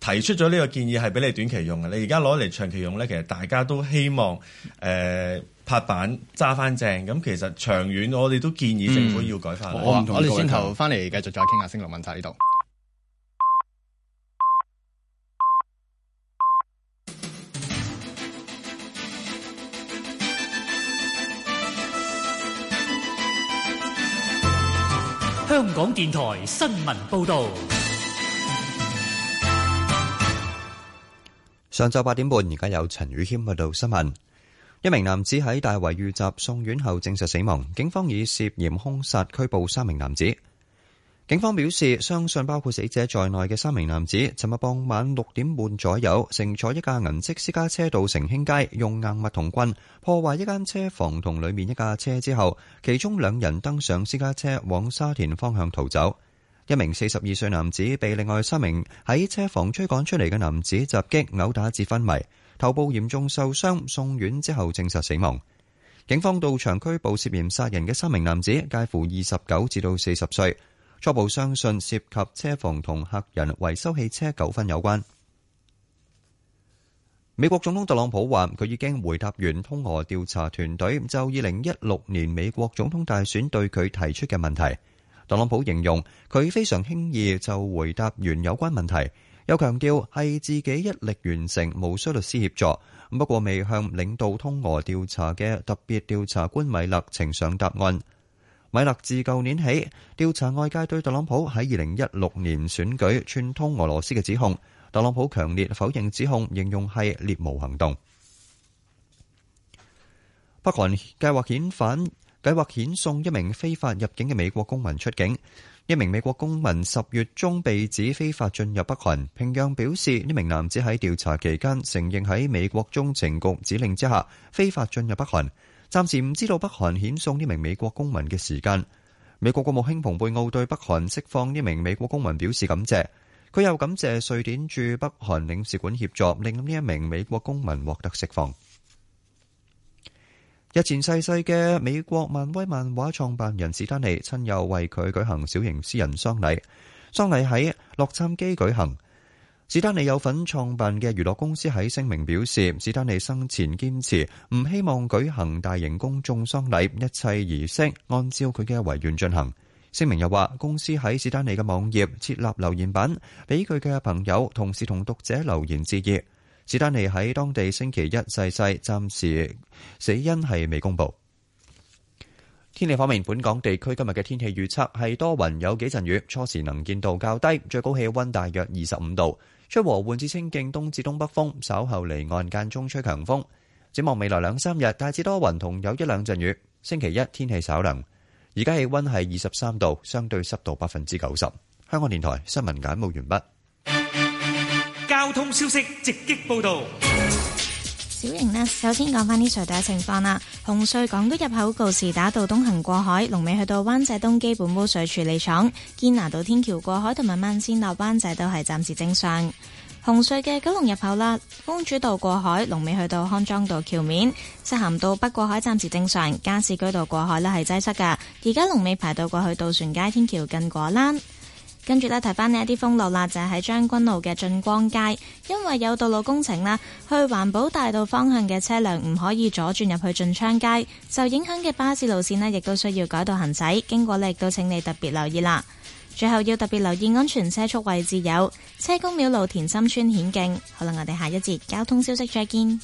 [SPEAKER 7] 提出咗呢個建議係俾你短期用嘅。你而家攞嚟長期用咧，其實大家都希望誒、呃、拍板揸翻正。咁其實長遠我哋都建議政府要改翻。嗯嗯、我、嗯、我哋轉頭
[SPEAKER 4] 翻嚟繼續再傾下、嗯、星龍問題呢度。
[SPEAKER 1] 香港電台新聞報道：
[SPEAKER 2] 上晝八點半，而家有陳宇謙報道新聞。一名男子喺大圍遇襲送院後證實死亡，警方以涉嫌兇殺拘捕三名男子。警方表示，相信包括死者在內嘅三名男子，尋日傍晚六點半左右，乘坐一架銀色私家車到城興街，用硬物同棍破壞一間車房同裏面一架車之後，其中兩人登上私家車往沙田方向逃走。一名四十二歲男子被另外三名喺車房追趕出嚟嘅男子襲擊毆打至昏迷，頭部嚴重受傷，送院之後證實死亡。警方到場拘捕涉嫌殺人嘅三名男子，介乎二十九至到四十歲。初步相信涉及車房同客人維修汽車糾紛有關。美國總統特朗普話，佢已經回答完通俄調查團隊，就二零一六年美國總統大選對佢提出嘅問題。特朗普形容佢非常輕易就回答完有關問題，又強調係自己一力完成，無需律師協助。不過未向領導通俄調查嘅特別調查官米勒呈上答案。米勒自舊年起調查外界對特朗普喺二零一六年選舉串通俄羅斯嘅指控，特朗普強烈否認指控，形容係獵巫行動。北韓計劃遣返、計劃遣送一名非法入境嘅美國公民出境。一名美國公民十月中被指非法進入北韓，平壤表示呢名男子喺調查期間承認喺美國中情局指令之下非法進入北韓。暫時唔知道北韓遣送呢名美國公民嘅時間。美國國務卿蓬佩奧對北韓釋放呢名美國公民表示感謝，佢又感謝瑞典駐北韓領事館協助，令呢一名美國公民獲得釋放。日前逝世嘅美國漫威漫畫創辦人史丹尼親友為佢舉行小型私人喪禮，喪禮喺洛杉磯舉行。史丹利有份創辦嘅娛樂公司喺聲明表示，史丹利生前堅持唔希望舉行大型公眾喪禮，一切儀式按照佢嘅遺願進行。聲明又話，公司喺史丹利嘅網頁設立留言板，俾佢嘅朋友、同事同讀者留言致意。史丹利喺當地星期一逝世，世，暫時死因係未公布。天氣方面，本港地區今日嘅天氣預測係多雲，有幾陣雨，初時能見度較低，最高氣温大約二十五度。吹和緩至清勁，東至東北風，稍後離岸間中吹強風。展望未來兩三日，大致多雲同有一兩陣雨。星期一天氣稍涼。而家氣溫係二十三度，相對濕度百分之九十。香港電台新聞簡報完畢。
[SPEAKER 1] 交通消息直擊報道。
[SPEAKER 3] 小瑩呢，首先講返啲隧道情況啦。紅隧，港島入口告士打道東行過海，龍尾去到灣仔東基本污水處理廠、堅拿道天橋過海同埋，慢線落灣仔都係暫時正常。紅隧嘅九龍入口啦，公主道過海龍尾去到康莊道、橋面漆咸道北過海暫時正常，加士居道過海呢係擠塞噶。而家龍尾排到過去渡船街天橋近果欄。跟住咧，睇翻呢一啲封路啦，就係喺將軍路嘅進光街，因為有道路工程啦，去環保大道方向嘅車輛唔可以左轉入去進昌街，受影響嘅巴士路綫呢，亦都需要改道行駛，經過呢，亦都請你特別留意啦。最後要特別留意安全車速位置有車公廟路、田心村、顯徑。好啦，我哋下一節交通消息再見。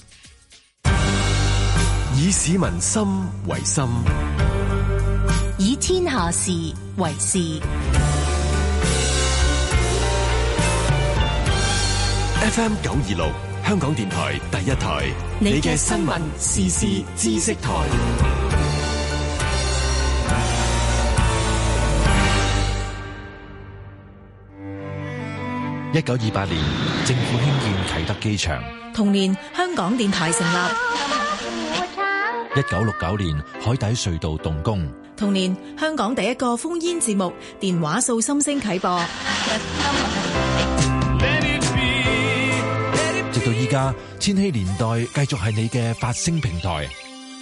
[SPEAKER 4] 以市民心為心，
[SPEAKER 3] 以天下事為事。
[SPEAKER 4] FM 九二六，香港電台第一台。你嘅新聞時事知識台。一
[SPEAKER 5] 九二八年，政府興建啟德機場。
[SPEAKER 3] 同年，香港電台成立。
[SPEAKER 7] 一九六九年，海底隧道動工。
[SPEAKER 3] 同年，香港第一個烽煙節目電話訴心聲啟播。
[SPEAKER 7] 而家千禧年代繼續係你嘅發聲平台，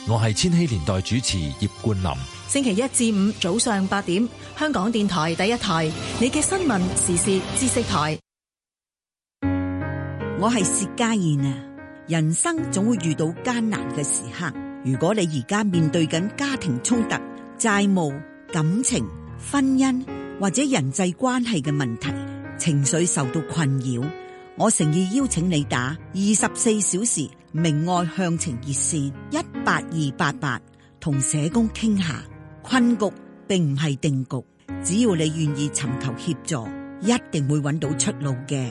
[SPEAKER 7] 我係千禧年代主持葉冠霖。
[SPEAKER 3] 星期一至五早上八點，香港電台第一台，你嘅新聞時事知識台。我係薛家燕啊！人生總會遇到艱難嘅時刻，如果你而家面對緊家庭衝突、債務、感情、婚姻或者人際關係嘅問題，情緒受到困擾。我誠意邀請你打二十四小時明愛向情熱線一八二八八，同社工傾下。困局並唔係定局，只要你願意尋求協助，一定會揾到出路嘅。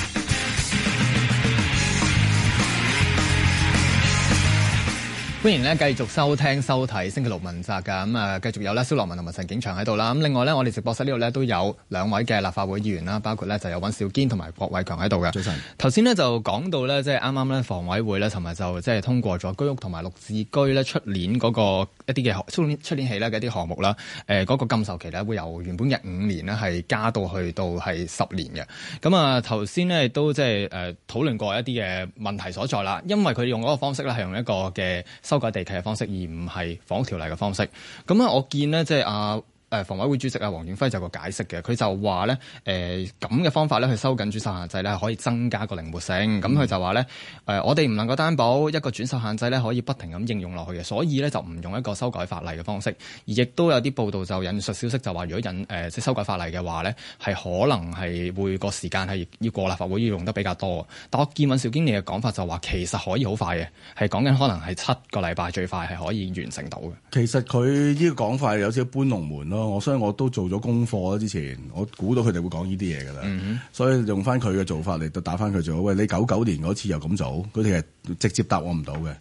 [SPEAKER 4] 歡迎咧，繼續收聽收睇星期六問責嘅。咁啊，繼續有咧蕭諾文同埋陳景祥喺度啦。咁、嗯、另外咧，我哋直播室呢度咧都有兩位嘅立法會議員啦，包括咧就有尹兆堅同埋郭偉強喺度嘅。早晨神。頭先咧就講到咧，即係啱啱咧房委會咧尋日就即係通過咗居屋同埋綠置居咧出年嗰個一啲嘅出年出年起咧嘅一啲項目啦。誒、呃、嗰、那個禁售期咧會由原本嘅五年咧係加到去到係十年嘅。咁、嗯、啊頭先咧都即係誒討論過一啲嘅問題所在啦，因為佢用嗰個方式咧係用一個嘅。修改地契嘅方式，而唔係房屋條例嘅方式。咁啊，我見咧，即係阿。呃誒、呃、房委會主席啊，黃遠輝就個解釋嘅，佢就話咧誒咁嘅方法咧，去收緊轉售限制咧，係可以增加個靈活性。咁佢、嗯、就話咧誒，我哋唔能夠擔保一個轉售限制咧可以不停咁應用落去嘅，所以咧就唔用一個修改法例嘅方式。而亦都有啲報道就引述消息就話，如果引誒、呃、即修改法例嘅話咧，係可能係每個時間係要過立法會要用得比較多。但係我見尹兆堅嘅講法就話，其實可以好快嘅，係講緊可能係七個禮拜最快係可以完成到嘅。
[SPEAKER 5] 其實佢呢個講法有少少搬龍門咯、啊。我所以我都做咗功課啦，之前我估到佢哋會講呢啲嘢噶啦，mm hmm. 所以用翻佢嘅做法嚟到打翻佢做。喂，你九九年嗰次又咁做，佢哋係直接答我唔到嘅。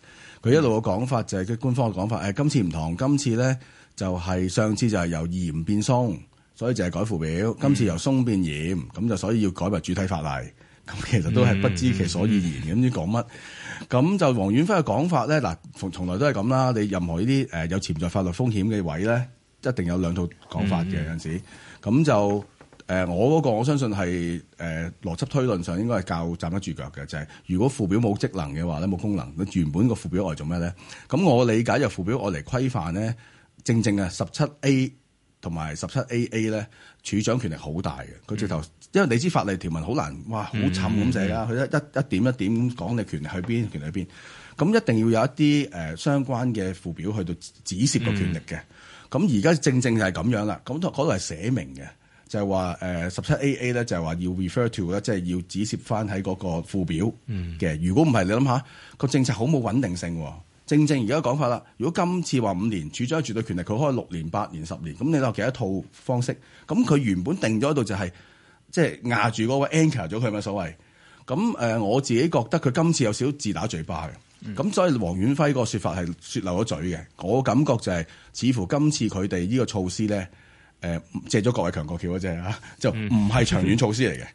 [SPEAKER 5] 佢、mm hmm. 一路嘅講法就係官方嘅講法，誒、哎，今次唔同，今次咧就係、是、上次就係由嚴變鬆，所以就係改附表。Mm hmm. 今次由鬆變嚴，咁就所以要改埋主體法例。咁其實都係不知其所以然，唔、mm hmm. 知講乜。咁就黃遠輝嘅講法咧，嗱從從來都係咁啦。你任何呢啲誒有潛在法律風險嘅位咧。一定有兩套講法嘅，有陣時咁就誒、呃，我嗰個我相信係誒、呃、邏輯推論上應該係較站得住腳嘅，就係、是、如果副表冇職能嘅話咧，冇功能，佢原本個副表我嚟做咩咧？咁我理解就副表我嚟規範咧，正正啊十七 A 同埋十七 AA 咧，處長權力好大嘅。佢直頭因為你知法例條文好難哇，好沉咁寫啦，佢一一一點一點咁講，你權力喺邊？權力喺邊？咁一定要有一啲誒、呃、相關嘅副表去到指涉個權力嘅。嗯咁而家正正就係咁樣啦，咁嗰度係寫明嘅，就係話誒十七 AA 咧，就係話要 refer to 咧，即係要指涉翻喺嗰個附表嘅。如果唔係，你諗下個政策好冇穩定性喎。正正而家講法啦，如果今次話五年處長有絕對權力，佢可以六年、八年、十年，咁你落幾多套方式？咁佢原本定咗度就係即係壓住嗰個 anchor 咗佢，有所謂？咁誒、呃，我自己覺得佢今次有少少自打嘴巴嘅。咁、嗯、所以黃遠輝個說法係說漏咗嘴嘅，我感覺就係、是、似乎今次佢哋呢個措施咧，誒、呃、借咗各位強國橋嗰隻啊，就唔係長遠措施嚟嘅。嗯、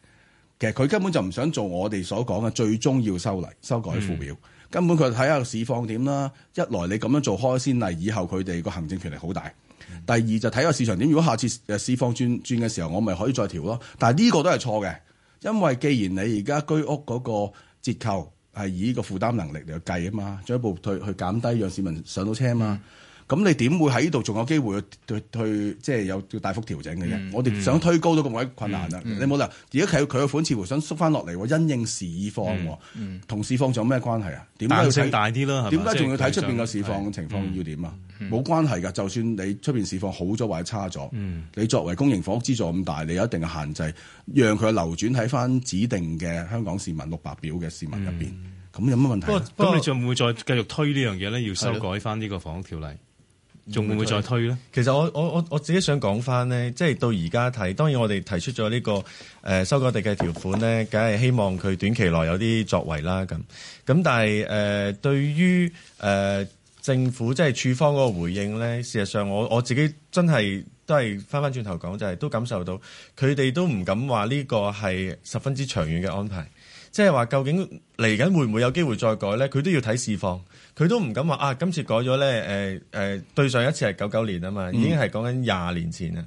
[SPEAKER 5] 其實佢根本就唔想做我哋所講嘅最終要修例修改附表，嗯、根本佢睇下個市況點啦。一來你咁樣做開先例，以後佢哋個行政權力好大；嗯、第二就睇下市場點。如果下次誒市況轉轉嘅時候，我咪可以再調咯。但係呢個都係錯嘅，因為既然你而家居屋嗰個折扣。係以呢個負擔能力嚟去計啊嘛，進一步退去減低，讓市民上到車啊嘛。嗯咁你點會喺呢度仲有機會去推即係有大幅調整嘅啫？我哋想推高都咁鬼困難啦！你冇啦，而家佢佢個款似乎想縮翻落嚟，因應市況。同市況仲有咩關係啊？彈性大啲咯，係嘛？點解仲要睇出邊嘅市況情況要點啊？冇關係㗎，就算你出邊市況好咗或者差咗，你作為公營房屋資助咁大，你有一定嘅限制，讓佢流轉喺翻指定嘅香港市民六百表嘅市民入邊。咁有乜問題？咁你
[SPEAKER 6] 仲會再繼續推呢樣嘢咧？要修改翻呢個房屋條例。仲會唔會再推咧？
[SPEAKER 7] 其實我我我我自己想講翻咧，即係到而家睇，當然我哋提出咗呢、這個誒修改地契條款咧，梗係希望佢短期內有啲作為啦。咁咁，但係誒、呃、對於誒、呃、政府即係處方嗰個回應咧，事實上我我自己真係都係翻翻轉頭講，就係、是、都感受到佢哋都唔敢話呢個係十分之長遠嘅安排。即係話，究竟嚟緊會唔會有機會再改呢？佢都要睇市況，佢都唔敢話啊！今次改咗呢，誒、呃、誒，對、呃、上一次係九九年啊嘛，已經係講緊廿年前啊，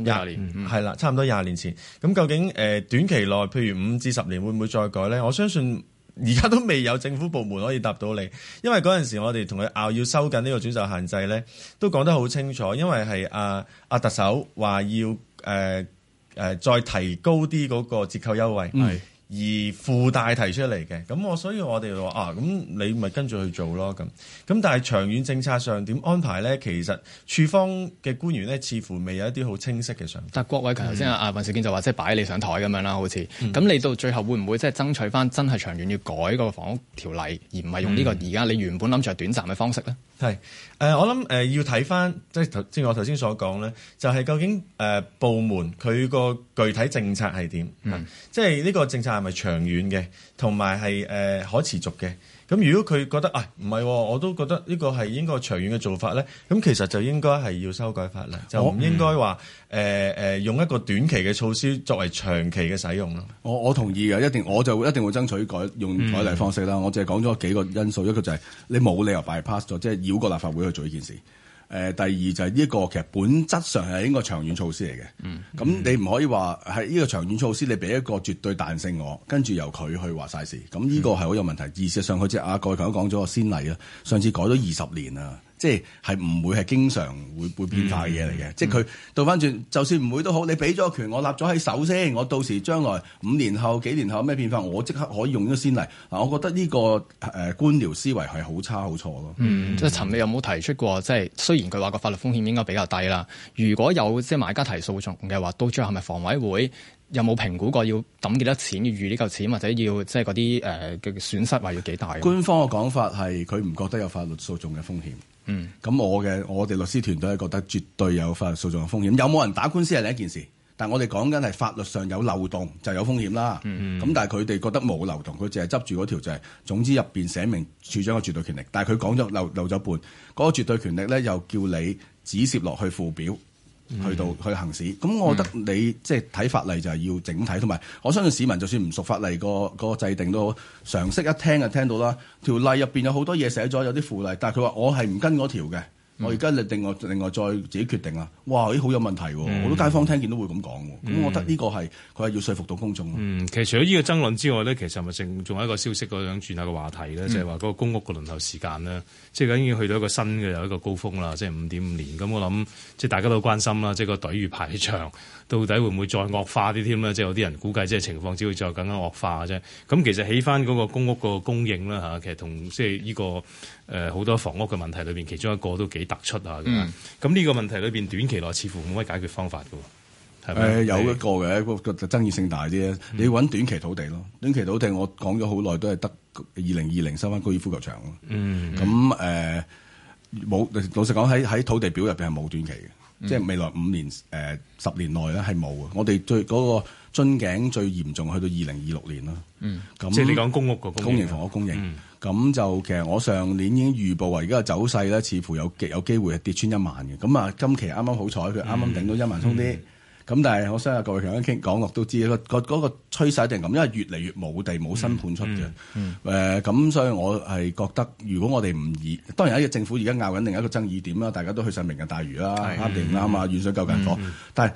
[SPEAKER 7] 廿、嗯、年係啦，差唔多廿年前。咁究竟誒、呃、短期內，譬如五至十年，會唔會再改呢？我相信而家都未有政府部門可以答到你，因為嗰陣時我哋同佢拗要收緊呢個轉售限制呢，都講得好清楚，因為係阿阿特首話要誒誒、啊啊啊啊、再提高啲嗰個折扣優惠。嗯嗯而附帶提出嚟嘅，咁我所以我哋話啊，咁你咪跟住去做咯，咁咁但係長遠政策上點安排咧？其
[SPEAKER 4] 實處方嘅官員咧，似乎未有一啲好清晰嘅想法。但係郭偉強頭先啊，尹兆堅就話即係擺你上台咁樣啦，好似咁、嗯、你到最後會唔會即係爭取翻真係長遠要改個房屋條例，而唔係用呢個而家你原本諗住係短暫嘅方式咧？係誒、嗯呃，我諗誒、呃、要睇
[SPEAKER 7] 翻即係頭正如我頭先所講咧，就係、是、究竟誒、呃、部門佢個具體政策係點？嗯、即係呢個政策。係咪長遠嘅，同埋係誒可持續嘅？咁如果佢覺得啊，哎，唔係喎，我都覺得呢個係應該長遠嘅做法咧。咁其實就應該係要修改法例，就唔應該話誒誒用一個短期嘅措施作為長期嘅使用咯。
[SPEAKER 5] 我我同意嘅，一定我就一定會爭取改用改例方式啦。嗯、我淨係講咗幾個因素，一個就係你冇理由 bypass 咗，即係繞過立法會去做呢件事。誒第二就係呢個，其實本質上係一個長遠措施嚟嘅。咁你唔可以話係呢個長遠措施，嗯、你俾一,一個絕對彈性我，我跟住由佢去話晒事。咁呢個係好有問題。事實、嗯、上、就是，佢即阿郭偉強都講咗個先例啦。上次改咗二十年啊！即係係唔會係經常會會變化嘅嘢嚟嘅，嗯、即係佢倒翻轉，就算唔會都好，你俾咗個權，我立咗喺手先，我到時將來五年後、幾年後有咩變化，我即刻可以用咗先嚟。嗱，我覺得呢個誒官僚思維係好差好錯咯。
[SPEAKER 4] 嗯嗯、
[SPEAKER 6] 即係陳
[SPEAKER 5] 美有冇提出過？即係雖然佢
[SPEAKER 4] 話個法律風險應該比較低啦，如果有即係買家提訴訟嘅話，到最後係咪房委會有冇評估過要揼幾多錢，要預呢嚿錢，或者要即係嗰啲誒嘅損失話要
[SPEAKER 5] 幾大？官方嘅講法係佢唔覺得有法律訴訟嘅風險。嗯，咁我嘅我哋律師團隊係覺得絕對有法律訴訟嘅風險。有冇人打官司係另一件事，但係我哋講緊係法律上有漏洞就有風險啦。咁、嗯嗯、但係佢哋覺得冇漏洞，佢淨係執住嗰條就係、是、總之入邊寫明處長嘅絕對權力，但係佢講咗漏漏咗半，嗰、那個絕對權力咧又叫你指涉落去附表。去到去行使，咁我覺得你、嗯、即係睇法例就係要整體，同埋我相信市民就算唔熟法例個個制定都好常識，一聽就聽到啦。條例入邊有好多嘢寫咗，有啲附例，但係佢話我係唔跟嗰條嘅。我而家另另外另外再自己決定啦！哇，咦，好有問題喎，嗯、好多街坊聽見都會咁講喎。咁、嗯、我覺得呢個係佢係要說服到公眾，嗯，其
[SPEAKER 6] 實除咗呢個爭論之外咧，其實咪剩仲有一個消息，我想轉一下一個話題咧，嗯、就係話嗰個公屋個輪候時間咧，即係已經去到一個新嘅又一個高峰啦，即係五點五年。咁我諗即係大家都好關心啦，即係個隊與排長。到底會唔會再惡化啲添咧？即係有啲人估計，即係情況只會再更加惡化啫。咁其實起翻嗰個公屋個供應啦，嚇，其實同即係呢個誒好多房屋嘅問題裏邊，其中一個都幾突出啊。嗯。咁呢個問題裏邊，短期內似乎冇乜解決方法嘅。
[SPEAKER 5] 係咪、呃？有一個嘅，一個爭議性大啲咧。你揾短期土地咯，嗯、短期土地我講咗好耐都係得二零二零收翻高爾夫球場咯。嗯咁誒冇，老實講喺喺土地表入邊係冇短期嘅。即係未來五年誒十、呃、年內咧係冇嘅，我哋最嗰、那個樽頸最嚴重去到二零二六年咯。嗯，
[SPEAKER 6] 咁那即係你講公屋個公營房
[SPEAKER 5] 屋公營，咁、嗯、就其實我上年已經預報話，而家個走勢咧似乎有有機會係跌穿一萬嘅。咁啊，今期啱啱好彩，佢啱啱頂到一萬，鬆啲、嗯。嗯咁但係我想下各位強哥傾講落都知個個嗰個趨勢一定咁，因為越嚟越冇地冇新盤出嘅。誒咁，所以我係覺得，如果我哋唔以，當然，一喺政府而家拗緊另一個爭議點啦、啊，大家都去曬明日大嶼啦，啱定唔啱啊？遠、嗯、水救近火，嗯嗯嗯、但係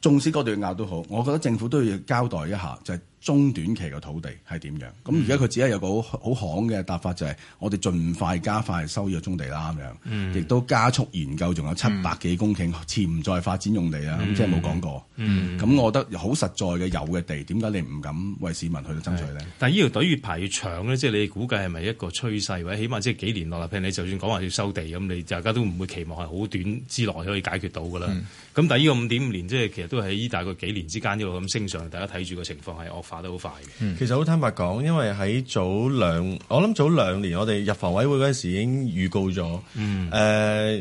[SPEAKER 5] 縱使嗰度要拗都好，我覺得政府都要交代一下，就係、是。中短期嘅土地係點樣？咁而家佢只係有個好巷嘅答法，就係我哋盡快加快收依個棕地啦，咁樣、嗯，亦都加速研究，仲有七百幾公頃潛在發展用地啊，咁、嗯、即係冇講過。咁、嗯、我覺得好實在嘅有嘅地，點解你唔敢為市民去爭取呢？
[SPEAKER 6] 但係呢條隊越排越長咧，即係你估計係咪一個趨勢或者起碼即係幾年落，譬如你就算講話要收地咁，你大家都唔會期望係好短之內可以解決到㗎啦。咁的但係呢個五點五年，即係其實都喺呢大概幾年之間一路咁升上，大家睇住個情況係惡化。
[SPEAKER 7] 話得好快嘅，其實好坦白講，因為喺早兩，我諗早兩年，我哋入房委會嗰陣時已經預告咗，誒誒、嗯，輪、呃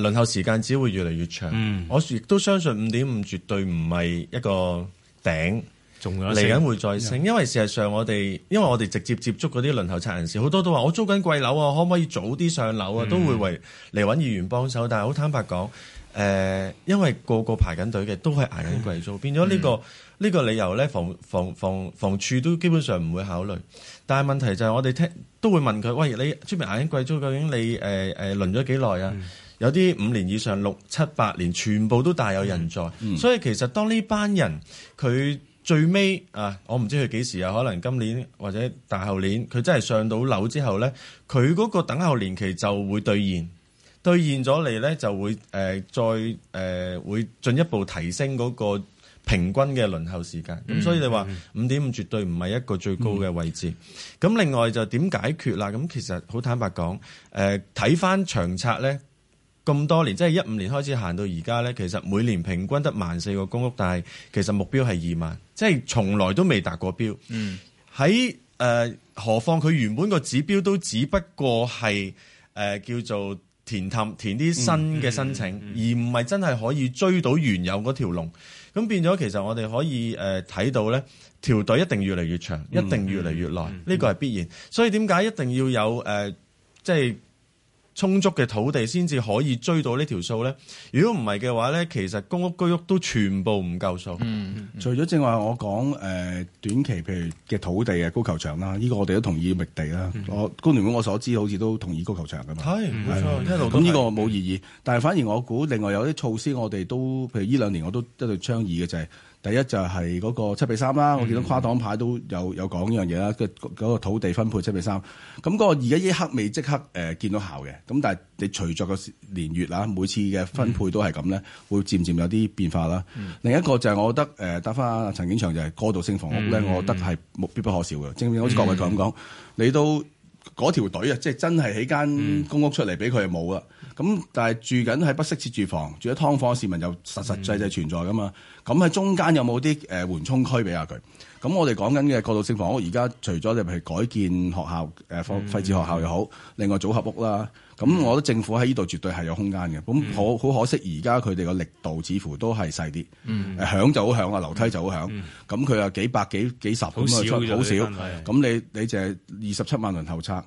[SPEAKER 7] 呃、候時間只會越嚟越長。嗯、我亦都相信五點五絕對唔係一個頂，仲嚟緊會再升。嗯、因為事實上我，我哋因為我哋直接接觸嗰啲輪候冊人士，好多都話我租緊貴樓啊，可唔可以早啲上樓啊？嗯、都會為嚟揾議員幫手。但係好坦白講，誒、呃，因為個個排緊隊嘅，都係挨緊貴租，嗯、變咗呢、這個。呢個理由咧，房房房房署都基本上唔會考慮。但係問題就係我哋聽都會問佢：喂，你出面捱緊貴租，究竟你誒誒、呃呃、輪咗幾耐啊？嗯、有啲五年以上、六七八年，全部都大有人在。嗯嗯、所以其實當呢班人佢最尾啊，我唔知佢幾時啊，可能今年或者大後年，佢真係上到樓之後咧，佢嗰個等候年期就會兌現，兌現咗嚟咧就會誒、呃、再誒、呃、會進一步提升嗰個。平均嘅輪候時間咁，嗯、所以你話五點五絕對唔係一個最高嘅位置。咁、嗯、另外就點解決啦？咁其實好坦白講，誒睇翻長策呢，咁多年即係一五年開始行到而家呢，其實每年平均得萬四個公屋，但係其實目標係二萬，即係從來都未達過標。喺誒、嗯呃，何況佢原本個指標都只不過係誒、呃、叫做填氹填啲新嘅申請，嗯嗯嗯嗯嗯嗯、而唔係真係可以追到原有嗰條龍。咁變咗，其實我哋可以誒睇、呃、到咧，條隊一定越嚟越長，一定越嚟越耐，呢個係必然。嗯、所以點解一定要有誒、呃、即係充足嘅土地先至可以追到呢條數咧。如果唔係嘅話咧，其實公屋居屋都全部唔夠數。嗯嗯。嗯、
[SPEAKER 5] 除咗正話我講誒、呃、短期譬如嘅土地嘅高球場啦，呢、呢個我哋都同意覓地啦。嗯、我工聯會我所知好似都同意高球場噶嘛。係冇、嗯、錯，聽老董。咁呢個冇意義，但係反而我估另外有啲措施我，我哋都譬如呢兩年我都一度倡議嘅就係、是。第一就係嗰個七比三啦，嗯、我見到跨黨派都有有講呢樣嘢啦，嗰、那個土地分配七比三，咁、那、嗰個而家一刻未即刻誒、呃、見到效嘅，咁但係你隨着個年月啦，每次嘅分配都係咁咧，嗯、會漸漸有啲變化啦。嗯、另一個就係我覺得誒，得、呃、翻陳景祥就係過渡性房屋咧，嗯、我覺得係必不可少嘅，嗯、正唔好似郭偉強講咁講，嗯、你都嗰條隊啊，即係真係起間公屋出嚟俾佢係冇啊。咁但係住緊喺不適切住房、住咗劏房嘅市民又實實際際存在㗎嘛？咁喺中間有冇啲誒緩衝區俾下佢？咁我哋講緊嘅過渡性房屋，而家除咗例如改建學校誒廢廢置學校又好，另外組合屋啦。咁我覺得政府喺呢度絕對係有空間嘅。咁可好可惜，而家佢哋個力度似乎都係細啲。響就好響啊，樓梯就好響。咁佢又幾百幾幾十咁啊，出好少。咁你你淨係二十七萬輪候冊。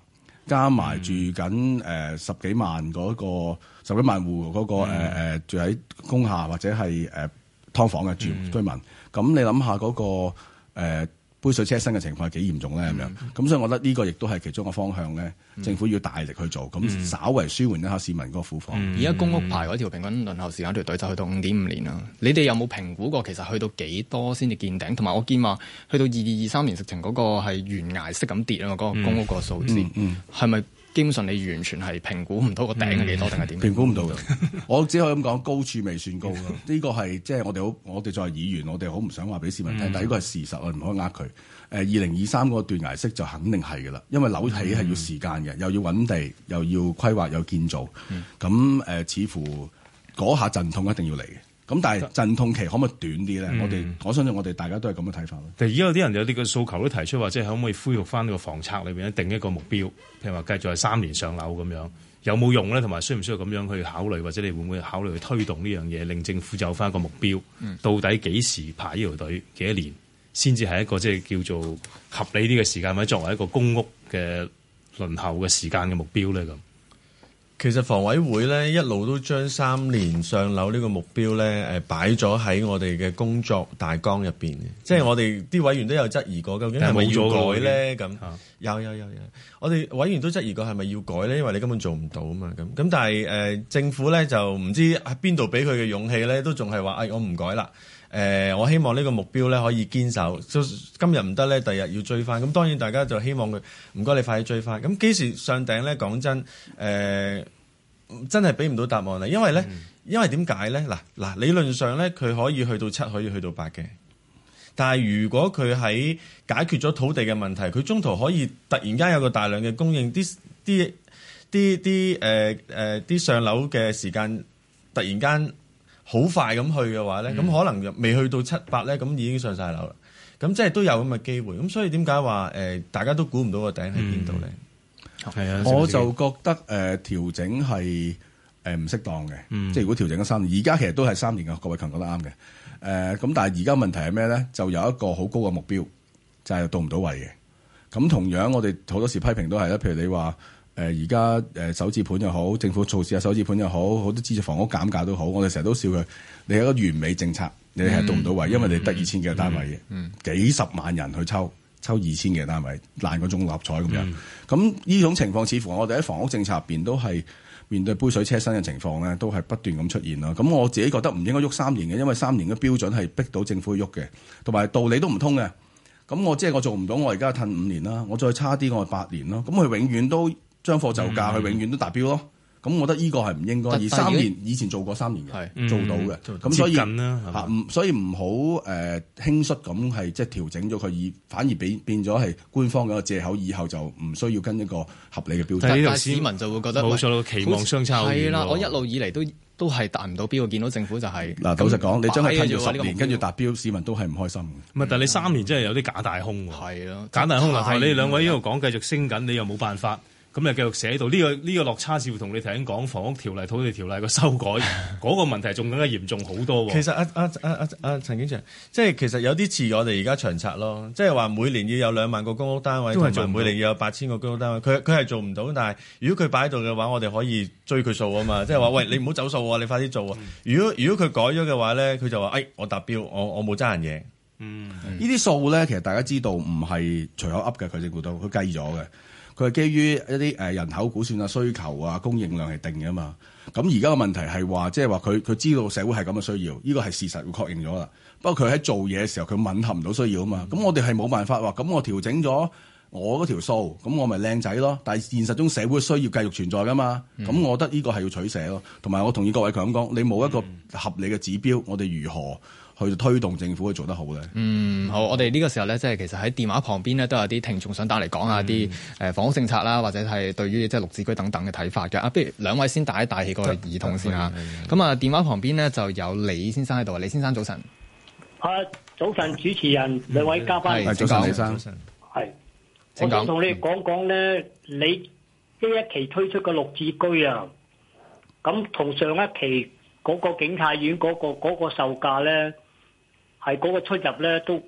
[SPEAKER 5] 加埋住緊誒、呃、十幾萬嗰、那個十幾萬戶嗰、那個誒、嗯呃呃、住喺工廈或者係誒劏房嘅住、嗯、居民，咁你諗下嗰、那個、呃杯水車薪嘅情況係幾嚴重咧，咁、mm hmm. 樣，咁所以我覺得呢個亦都係其中個方向咧，mm hmm. 政府要大力去做，咁稍為舒緩一下市民嗰個庫房。而家、mm hmm. 公屋
[SPEAKER 4] 排嗰條平均輪候時間條隊就去到五點五年啦。你哋有冇評估過其實去到幾多先至見頂？同埋我見話去到二二二三年實情嗰個係懸崖式咁跌啊嘛，嗰、那個公屋個數字係咪？Mm hmm. 是基本
[SPEAKER 5] 上你完全係評估唔到個頂係幾多定係點？評估唔到，
[SPEAKER 4] 嘅。
[SPEAKER 5] 我只可以咁講，高處未算高咯。呢 個係即係我哋好，我哋作為議員，我哋好唔想話俾市民聽， 但係呢個係事實，我唔可以呃佢。誒，二零二三嗰個斷崖式就肯定係㗎啦，因為樓起係要時間嘅， 又要揾地，又要規劃，又建造。咁誒、 呃，似乎嗰下陣痛一定要嚟嘅。咁但係陣痛期可唔可以短啲咧？嗯、我哋我相信我哋大家都係咁嘅睇法咯。
[SPEAKER 6] 其實而家有啲人有啲嘅訴求都提出，或即係可唔可以恢復翻呢個房策裏邊咧，定一個目標，譬如話繼續係三年上樓咁樣，有冇用咧？同埋需唔需要咁樣去考慮，或者你會唔會考慮去推動呢樣嘢，令政府就翻一個目標？嗯、到底幾時排呢條隊？幾多年先至係一個即係叫做合理啲嘅時間或者作為一個公屋嘅輪候嘅時間嘅目標咧咁。其實房委會咧一路都將
[SPEAKER 7] 三年上樓呢個目標咧，誒擺咗喺我哋嘅工作大綱入邊嘅。即係我哋啲委員都有質疑過，究竟係咪要改咧？咁有有有有，我哋委員都質疑過係咪要改咧？因為你根本做唔到嘛，咁咁但係誒、呃，政府咧就唔知喺邊度俾佢嘅勇氣咧，都仲係話誒我唔改啦。誒、呃，我希望呢個目標咧可以堅守。今日唔得咧，第日要追翻。咁當然大家就希望佢，唔該你快啲追翻。咁幾時上頂咧？講真，誒、呃，真係俾唔到答案啦。因為咧，嗯、因為點解咧？嗱嗱，理論上咧，佢可以去到七，可以去到八嘅。但係如果佢喺解決咗土地嘅問題，佢中途可以突然間有個大量嘅供應，啲啲啲啲誒誒啲上樓嘅時間突然間。好快咁去嘅話咧，咁、嗯、可能未去到七百咧，咁已經上晒樓啦。咁即係都有咁嘅機會。咁所以點解話誒大家都估唔到個頂喺邊度咧？係
[SPEAKER 6] 啊，
[SPEAKER 5] 我就覺得誒、呃、調整係誒唔適當嘅。嗯、即係如果調整咗三年，而家其實都係三年嘅。各位強覺得啱嘅。誒、呃、咁，但係而家問題係咩咧？就有一個好高嘅目標，就係、是、到唔到位嘅。咁同樣，我哋好多時批評都係啦，譬如你話。誒而家誒首置盤又好，政府措施啊首置盤又好，好多資助房屋減價都好，我哋成日都笑佢，你係一個完美政策，你係到唔到位，因為你得二千幾個單位嘅，幾十萬人去抽，抽二千幾個單位，爛個中六合彩咁樣。咁呢、嗯、種情況，似乎我哋喺房屋政策入邊都係面對杯水車薪嘅情況咧，都係不斷咁出現咯。咁我自己覺得唔應該喐三年嘅，因為三年嘅標準係逼到政府喐嘅，同埋道理都唔通嘅。咁我即係、就是、我做唔到，我而家褪五年啦，我再差啲我係八年咯，咁佢永遠都。將貨就價，佢永遠都達標咯。咁我覺得呢個係唔應該。而三年以前做過三年嘅做到嘅，咁所以所以唔好誒輕率咁係即係調整咗佢，以反而變變咗係官方嘅一個藉口，以後就唔需要跟一個合理嘅標準。市民就會覺得冇錯，期望相差好遠。係啦，我一
[SPEAKER 4] 路以嚟都都係達唔到標，見到政府就係嗱。老實講，你真係吞住十年，跟
[SPEAKER 5] 住達標，市民都係唔開心。
[SPEAKER 4] 唔
[SPEAKER 6] 係，但係你三年真係有啲假大空喎。係
[SPEAKER 4] 咯，假大空啊！係你兩位
[SPEAKER 6] 喺度講，繼續升緊，你又冇辦法。咁又繼續寫到呢個呢個落差似乎同你頭先講房屋條例、土地條例個修改嗰 個問題仲更加嚴重好多。其實阿
[SPEAKER 7] 阿阿阿阿陳景祥，
[SPEAKER 6] 即係其實有啲
[SPEAKER 7] 似我哋而家長策咯，即係話每年要有兩萬個公屋單位，同埋每年要有八千個公屋單位。佢佢係做唔到，但係如果佢擺喺度嘅話，我哋可以追佢數啊嘛。即係話，喂，你唔好走數啊，你快啲做啊！如果如果佢改咗嘅話咧，佢就話：哎，我達標，我我冇揸人嘢，嗯。嗯，
[SPEAKER 5] 呢啲數咧，其實大家知道唔係隨口噏嘅，佢政府都佢計咗嘅。佢係基於一啲誒人口估算啊、需求啊、供應量係定嘅嘛。咁而家嘅問題係話，即係話佢佢知道社會係咁嘅需要，呢個係事實會確認咗啦。不過佢喺做嘢嘅時候，佢吻合唔到需要啊嘛。咁、嗯、我哋係冇辦法話，咁我調整咗我嗰條數，咁我咪靚仔咯。但係現實中社會需要繼續存在噶嘛。咁、嗯、我覺得呢個係要取捨咯。同埋我同意郭偉強咁講，你冇一個合理嘅指標，我哋如何，去推動政府去做得好咧。嗯，
[SPEAKER 4] 好，我哋呢個時候咧，即係其實喺電話旁邊咧，都有啲聽眾想打嚟講下啲誒房屋政策啦，或者係對於即係綠置居等等嘅睇法嘅。啊，不如兩位先打啲大氣個耳筒先嚇。咁啊，電話旁邊咧就有李先生喺度，李先生早晨。
[SPEAKER 1] 係，啊，早晨主持人，兩位嘉賓，早晨，嗯。早晨。係，我想同你講講咧，你呢一期推出個綠置居啊，咁同上一期嗰個景泰苑嗰個嗰，嗰個售價咧。係嗰個出入咧，都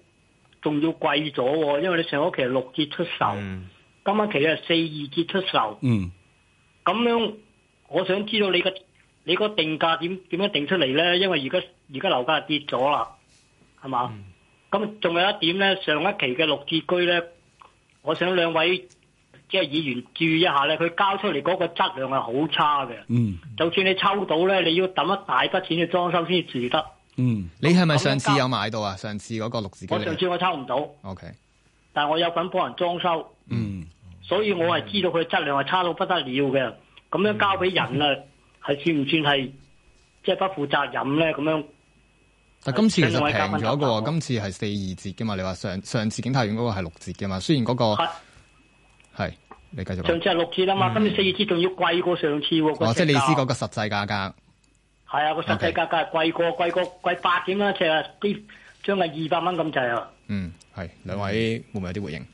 [SPEAKER 1] 仲要貴咗、哦，因為你上一期六折出售，嗯、今晚期係四二折出售。咁、嗯、樣，我想知道你個你個定價點點樣定出嚟咧？因為而家而家樓價跌咗啦，係嘛？咁仲、嗯、有一點咧，上一期嘅六折居咧，我想兩位即係、就是、議員注意一下咧，佢交出嚟嗰個質量係好差嘅。嗯、就算你抽到咧，你要抌一大筆錢去裝修先至住得。
[SPEAKER 4] 嗯，你係咪上次有買
[SPEAKER 1] 到啊？上次嗰個
[SPEAKER 4] 六折，我上次
[SPEAKER 1] 我抽唔到。O K，但係我有份幫人裝修，嗯，所以我係知道佢質量係差到不得了嘅。咁樣交俾人啊，係算唔算係即係不負責任咧？咁樣。
[SPEAKER 4] 但今次其實就平咗嘅喎，今次係四二折嘅嘛？你話上上次景泰苑嗰個係六折嘅嘛？雖然嗰個係你繼續。上次係
[SPEAKER 1] 六折啊嘛，今次四二折仲要貴過上次。哦，即係你意思嗰
[SPEAKER 4] 個實際價格。
[SPEAKER 1] 係啊，個實際
[SPEAKER 4] 價格係貴過貴過貴百幾蚊一尺啊，即係啲將近二百蚊咁滯啊！嗯，係兩位會唔會有啲回應？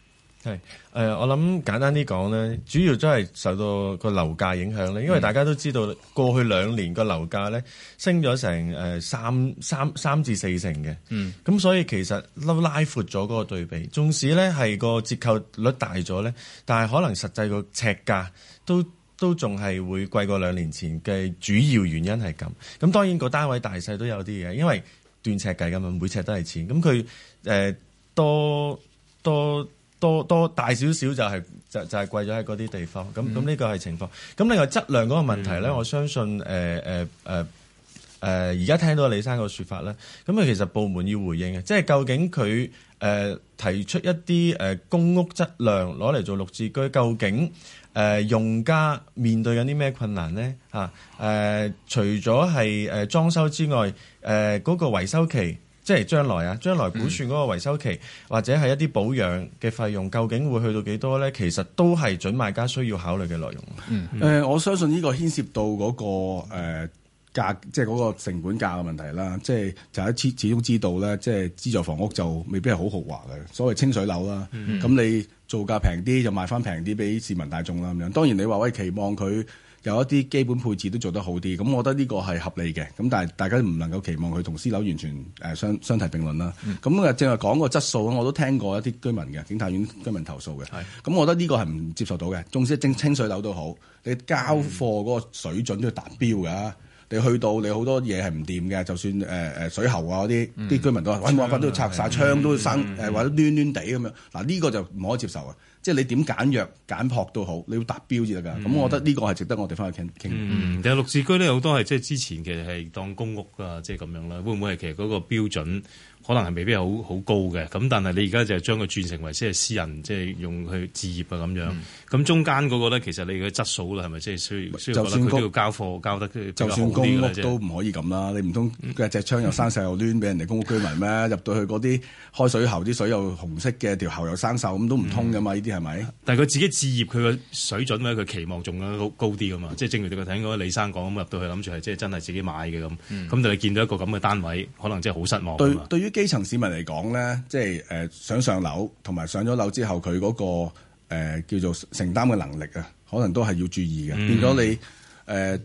[SPEAKER 4] 係誒、呃，我諗簡單啲講咧，
[SPEAKER 7] 主要都係受到個樓價影響咧，因為大家都知道、嗯、過去兩年個樓價咧升咗成誒、呃、三三三至四成嘅。嗯。咁所以其實都拉闊咗嗰個對比，縱使咧係個折扣率大咗咧，但係可能實際個尺價都都仲係會貴過兩年前嘅主要原因係咁。咁當然個單位大細都有啲嘢，因為斷尺計咁樣，每尺都係錢。咁佢誒多多多多大少少就係就就係貴咗喺嗰啲地方。咁咁呢個係情況。咁另外質量嗰個問題咧，嗯嗯我相信誒誒誒誒而家聽到李生個説法咧，咁佢其實部門要回應嘅，即係究竟佢誒提出一啲誒公屋質量攞嚟做綠置居，究竟？誒、呃、用家面對緊啲咩困難呢？嚇、啊、誒、呃，除咗係誒裝修之外，誒、呃、嗰、那個維修期，即係將來啊，將來估算嗰個維修期，或者係一啲保養嘅費用，究竟會去到幾多呢？其實都係準賣家需要考慮嘅內容。誒、
[SPEAKER 5] 嗯嗯呃，我相信呢個牽涉到嗰、那個、呃價即係嗰個成本價嘅問題啦，即係就喺始始終知道咧，即係資助房屋就未必係好豪華嘅，所謂清水樓啦。咁、mm hmm. 你造價平啲就賣翻平啲俾市民大眾啦咁樣。當然你話喂，期望佢有一啲基本配置都做得好啲，咁我覺得呢個係合理嘅。咁但係大家唔能夠期望佢同私樓完全誒、呃、相相提並論啦。咁啊正話講個質素咧，我都聽過一啲居民嘅景泰苑居民投訴嘅。咁的我覺得呢個係唔接受到嘅，縱使清清水樓都好，你交貨嗰個水準都要達標㗎。Mm hmm. mm hmm. 你去到你好多嘢係唔掂嘅，就算誒誒、呃、水喉啊嗰啲，啲、嗯、居民都係冇辦法都要拆晒窗，啊啊、都生誒、嗯、或者攣攣地咁樣。嗱、這、呢個就唔可以接受啊。即係你點簡約簡樸都好，你要達標至得㗎。咁、嗯、我覺得呢個係值得我哋翻去傾傾。嗯，
[SPEAKER 6] 嗯嗯有綠置居咧，好多係即係之前其實係當公屋啊，即係咁樣啦。會唔會係其實嗰個標準？可能係未必係好好高嘅，咁但係你而家就將佢轉成為即係私人，即係用去置業啊咁樣。咁中間嗰個咧，其實你嘅質素啦，係咪即係需要？就算屋交貨交得，就算公屋都
[SPEAKER 5] 唔可以咁啦。你唔通嘅隻窗又生鏽又攣俾人哋公屋居民咩？入到去嗰啲開水喉啲水又紅色嘅，條喉又生鏽，咁都唔通噶嘛？呢啲係咪？
[SPEAKER 6] 但係佢自己置業，佢嘅水準咧，佢期望仲高啲噶嘛？即係正如啲個聽嗰李生講咁，入到去諗住係即係真係自己買嘅咁。咁但係見到一個咁嘅單位，可能真係好失望。對，
[SPEAKER 5] 對於基層市民嚟講咧，即係誒想上樓，同埋上咗樓之後，佢嗰、那個誒、呃、叫做承擔嘅能力啊，可能都係要注意嘅。嗯、變咗你誒、呃、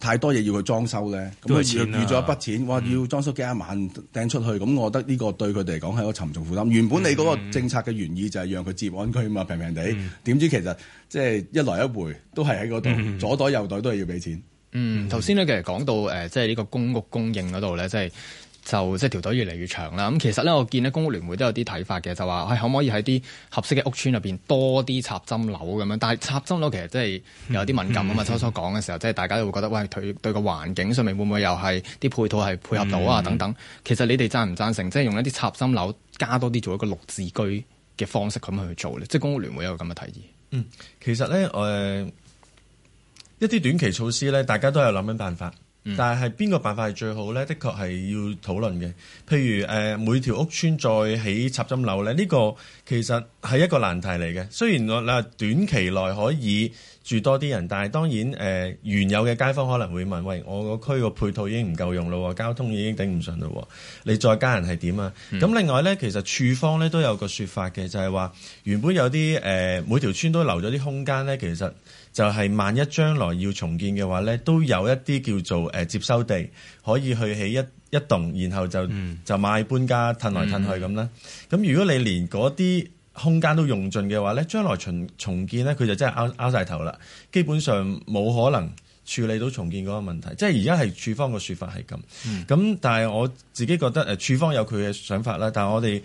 [SPEAKER 5] 太多嘢要去裝修咧，咁佢預咗一筆錢，哇要裝修幾萬掟出去，咁、嗯嗯、我覺得呢個對佢哋嚟講係一個沉重負擔。原本你嗰個政策嘅原意就係讓佢住安居啊嘛，平平地。點、嗯、知其實即係、就是、一來一回都係喺嗰度，嗯、左袋右袋都係要俾錢。嗯，頭先咧其實講到
[SPEAKER 4] 誒即係呢個公屋供應嗰度咧，即、就、係、是。就是就即係條隊越嚟越長啦。咁其實咧，我見咧公屋聯會都有啲睇法嘅，就話係、哎、可唔可以喺啲合適嘅屋邨入邊多啲插針樓咁樣。但係插針樓其實真係有啲敏感啊嘛。嗯、初初講嘅時候，即係大家都會覺得喂，佢對，對，對個環境上面會唔會又係啲配套係配合到啊、嗯、等等。其實你哋贊唔贊成，即係用一啲插針樓加多啲做一個綠置居嘅方式咁去做呢？即係公屋聯會有咁嘅提議。嗯，其實咧誒、呃，一啲短期措施咧，大家都有諗緊辦法。
[SPEAKER 7] 但係邊個辦法係最好呢？的確係要討論嘅。譬如誒、呃，每條屋邨再起插針樓呢，呢、這個其實係一個難題嚟嘅。雖然我你話短期內可以住多啲人，但係當然誒、呃，原有嘅街坊可能會問：喂，我個區個配套已經唔夠用啦，交通已經頂唔順啦。你再加人係點啊？咁、嗯、另外呢，其實署方咧都有個説法嘅，就係、是、話原本有啲誒、呃、每條村都留咗啲空間呢，其實。就係萬一將來要重建嘅話呢，都有一啲叫做誒、呃、接收地，可以去起一一棟，然後就、嗯、就賣搬家、褪來褪去咁啦。咁、嗯、如果你連嗰啲空間都用盡嘅話呢，將來重重建呢，佢就真係拗拗曬頭啦。基本上冇可能處理到重建嗰個問題。即係而家係處方嘅説法係咁。咁、嗯、但係我自己覺得誒、呃、處方有佢嘅想法啦，但係我哋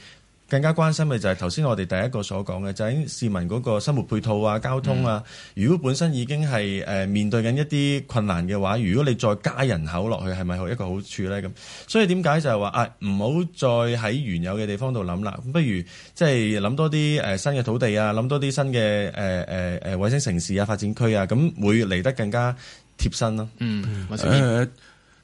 [SPEAKER 7] 更加關心嘅就係頭先我哋第一個所講嘅，就係市民嗰個生活配套啊、交通啊。如果本身已經係誒、呃、面對緊一啲困難嘅話，如果你再加人口落去，係咪一個好處咧？咁所以點解就係、是、話啊，唔好再喺原有嘅地方度諗啦。不如即係諗多啲誒、呃、新嘅土地啊，諗多啲新嘅誒誒誒衛
[SPEAKER 5] 星城市啊、發展區啊，咁會嚟得更加貼身咯、啊。嗯，我知、嗯。嗯呃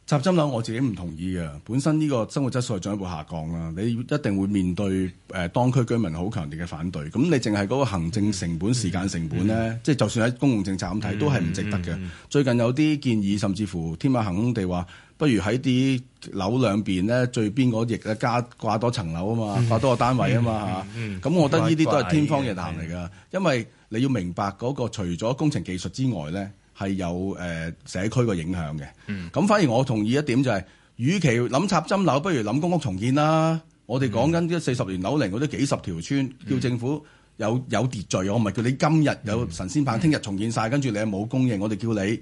[SPEAKER 5] 插針樓我自己唔同意嘅，本身呢個生活質素進一步下降啦。你一定會面對誒當區居民好強烈嘅反對。咁你淨係嗰個行政成本、嗯、時間成本咧，嗯、即係就算喺公共政策咁睇，都係唔值得嘅。嗯、最近有啲建議，甚至乎天馬行空地話，不如喺啲樓兩邊咧，最邊嗰翼咧，加掛多層樓啊嘛，掛多個單位啊嘛嚇。咁我覺得呢啲都係天方夜譚嚟嘅，嗯嗯嗯、因為你要明白嗰個除咗工程技術之外咧。係有誒、呃、社區個影響嘅，咁、嗯、反而我同意一點就係、是，與其諗插針樓，不如諗公屋重建啦。嗯、我哋講緊一四十年樓齡嗰啲幾十條村，叫政府有、嗯、有秩序，我唔係叫你今日有神仙棒，聽日重建晒。跟住你冇供應。我哋叫你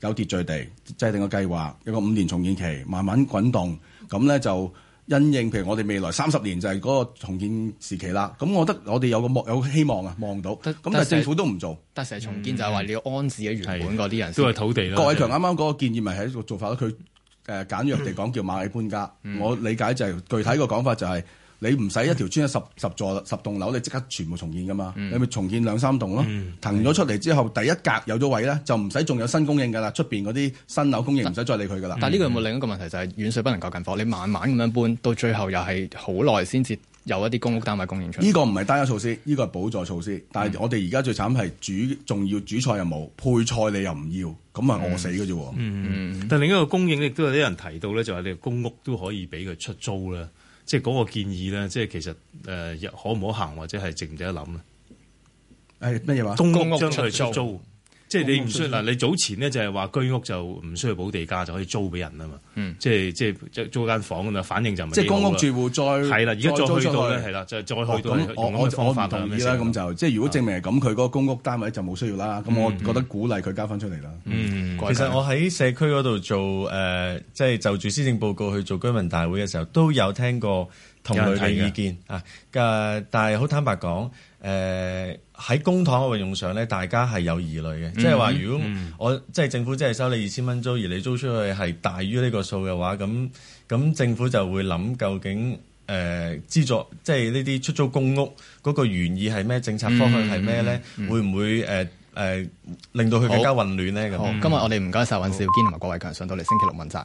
[SPEAKER 5] 有秩序地，制定個計劃，一個五年重建期，慢慢滾動，咁咧就。因應，譬如我哋未來三十年就係嗰個重建時期啦。咁我覺得我哋有個有希望啊，望到。咁德但係政府都唔做。得
[SPEAKER 4] 成日重建就係為咗安置喺原本嗰啲人。先、嗯。係土地咯。郭偉強啱
[SPEAKER 5] 啱嗰個建議咪係一個做法咯。佢誒簡約地講叫螞蟻搬家，嗯、我理解就係、是、具體個講法就係、是。你唔使一條村有十十座十棟樓，你即刻全部重建噶嘛？嗯、你咪重建兩三棟咯。嗯、騰咗出嚟之後，第一格有咗位咧，就唔使仲有新供應噶啦。出邊嗰啲新樓供應唔使再理佢噶啦。嗯、但係呢個有冇另一個問題就係、是、遠水不能夠救近火，你慢慢咁樣搬，到最後又係好耐先至有一啲公屋單位供應出嚟。呢個唔係單一措施，呢、呢個係補助措施。但係、嗯、我哋而家最慘係主仲要主菜又冇，配菜你又唔要，咁啊餓死嘅啫、嗯。嗯，嗯，嗯，但係另一個供應
[SPEAKER 6] 亦都有啲人提到咧，就係你公屋都可以俾佢出租啦。即係嗰個建議咧，即係其實誒、呃，可唔可行或者係值唔值得諗
[SPEAKER 5] 咧？係乜嘢話？公屋將佢出租。
[SPEAKER 6] 即係你唔需要嗱，你早前咧就係話居屋就唔需要補地價就可以租俾人啊嘛，嗯，即係即係租間房咁嘛？反應就唔即係公屋住戶再係啦，而家再去到
[SPEAKER 5] 係啦，就再學到同房，方法同啲啦，咁就即係如果證明係咁，佢嗰個公屋單位就冇需要啦。咁我覺得鼓勵佢交翻出嚟啦。
[SPEAKER 7] 嗯，其實我喺社區嗰度做誒，即係就住施政報告去做居民大會嘅時候，都有聽過同類嘅意見啊。嘅，但係好坦白講，誒。喺公帑嘅運用上咧，大家係有疑慮嘅，嗯、即係話如果我、嗯、即係政府即係收你二千蚊租，而你租出去係大於呢個數嘅話，咁咁政府就會諗究竟誒資、呃，助即係呢啲出租公屋個原意係咩？政策方向係咩咧？嗯嗯、會唔會誒誒、呃、令到佢更加混亂咧？咁今日我哋唔該晒尹兆堅同埋郭偉強上到嚟星期六問責。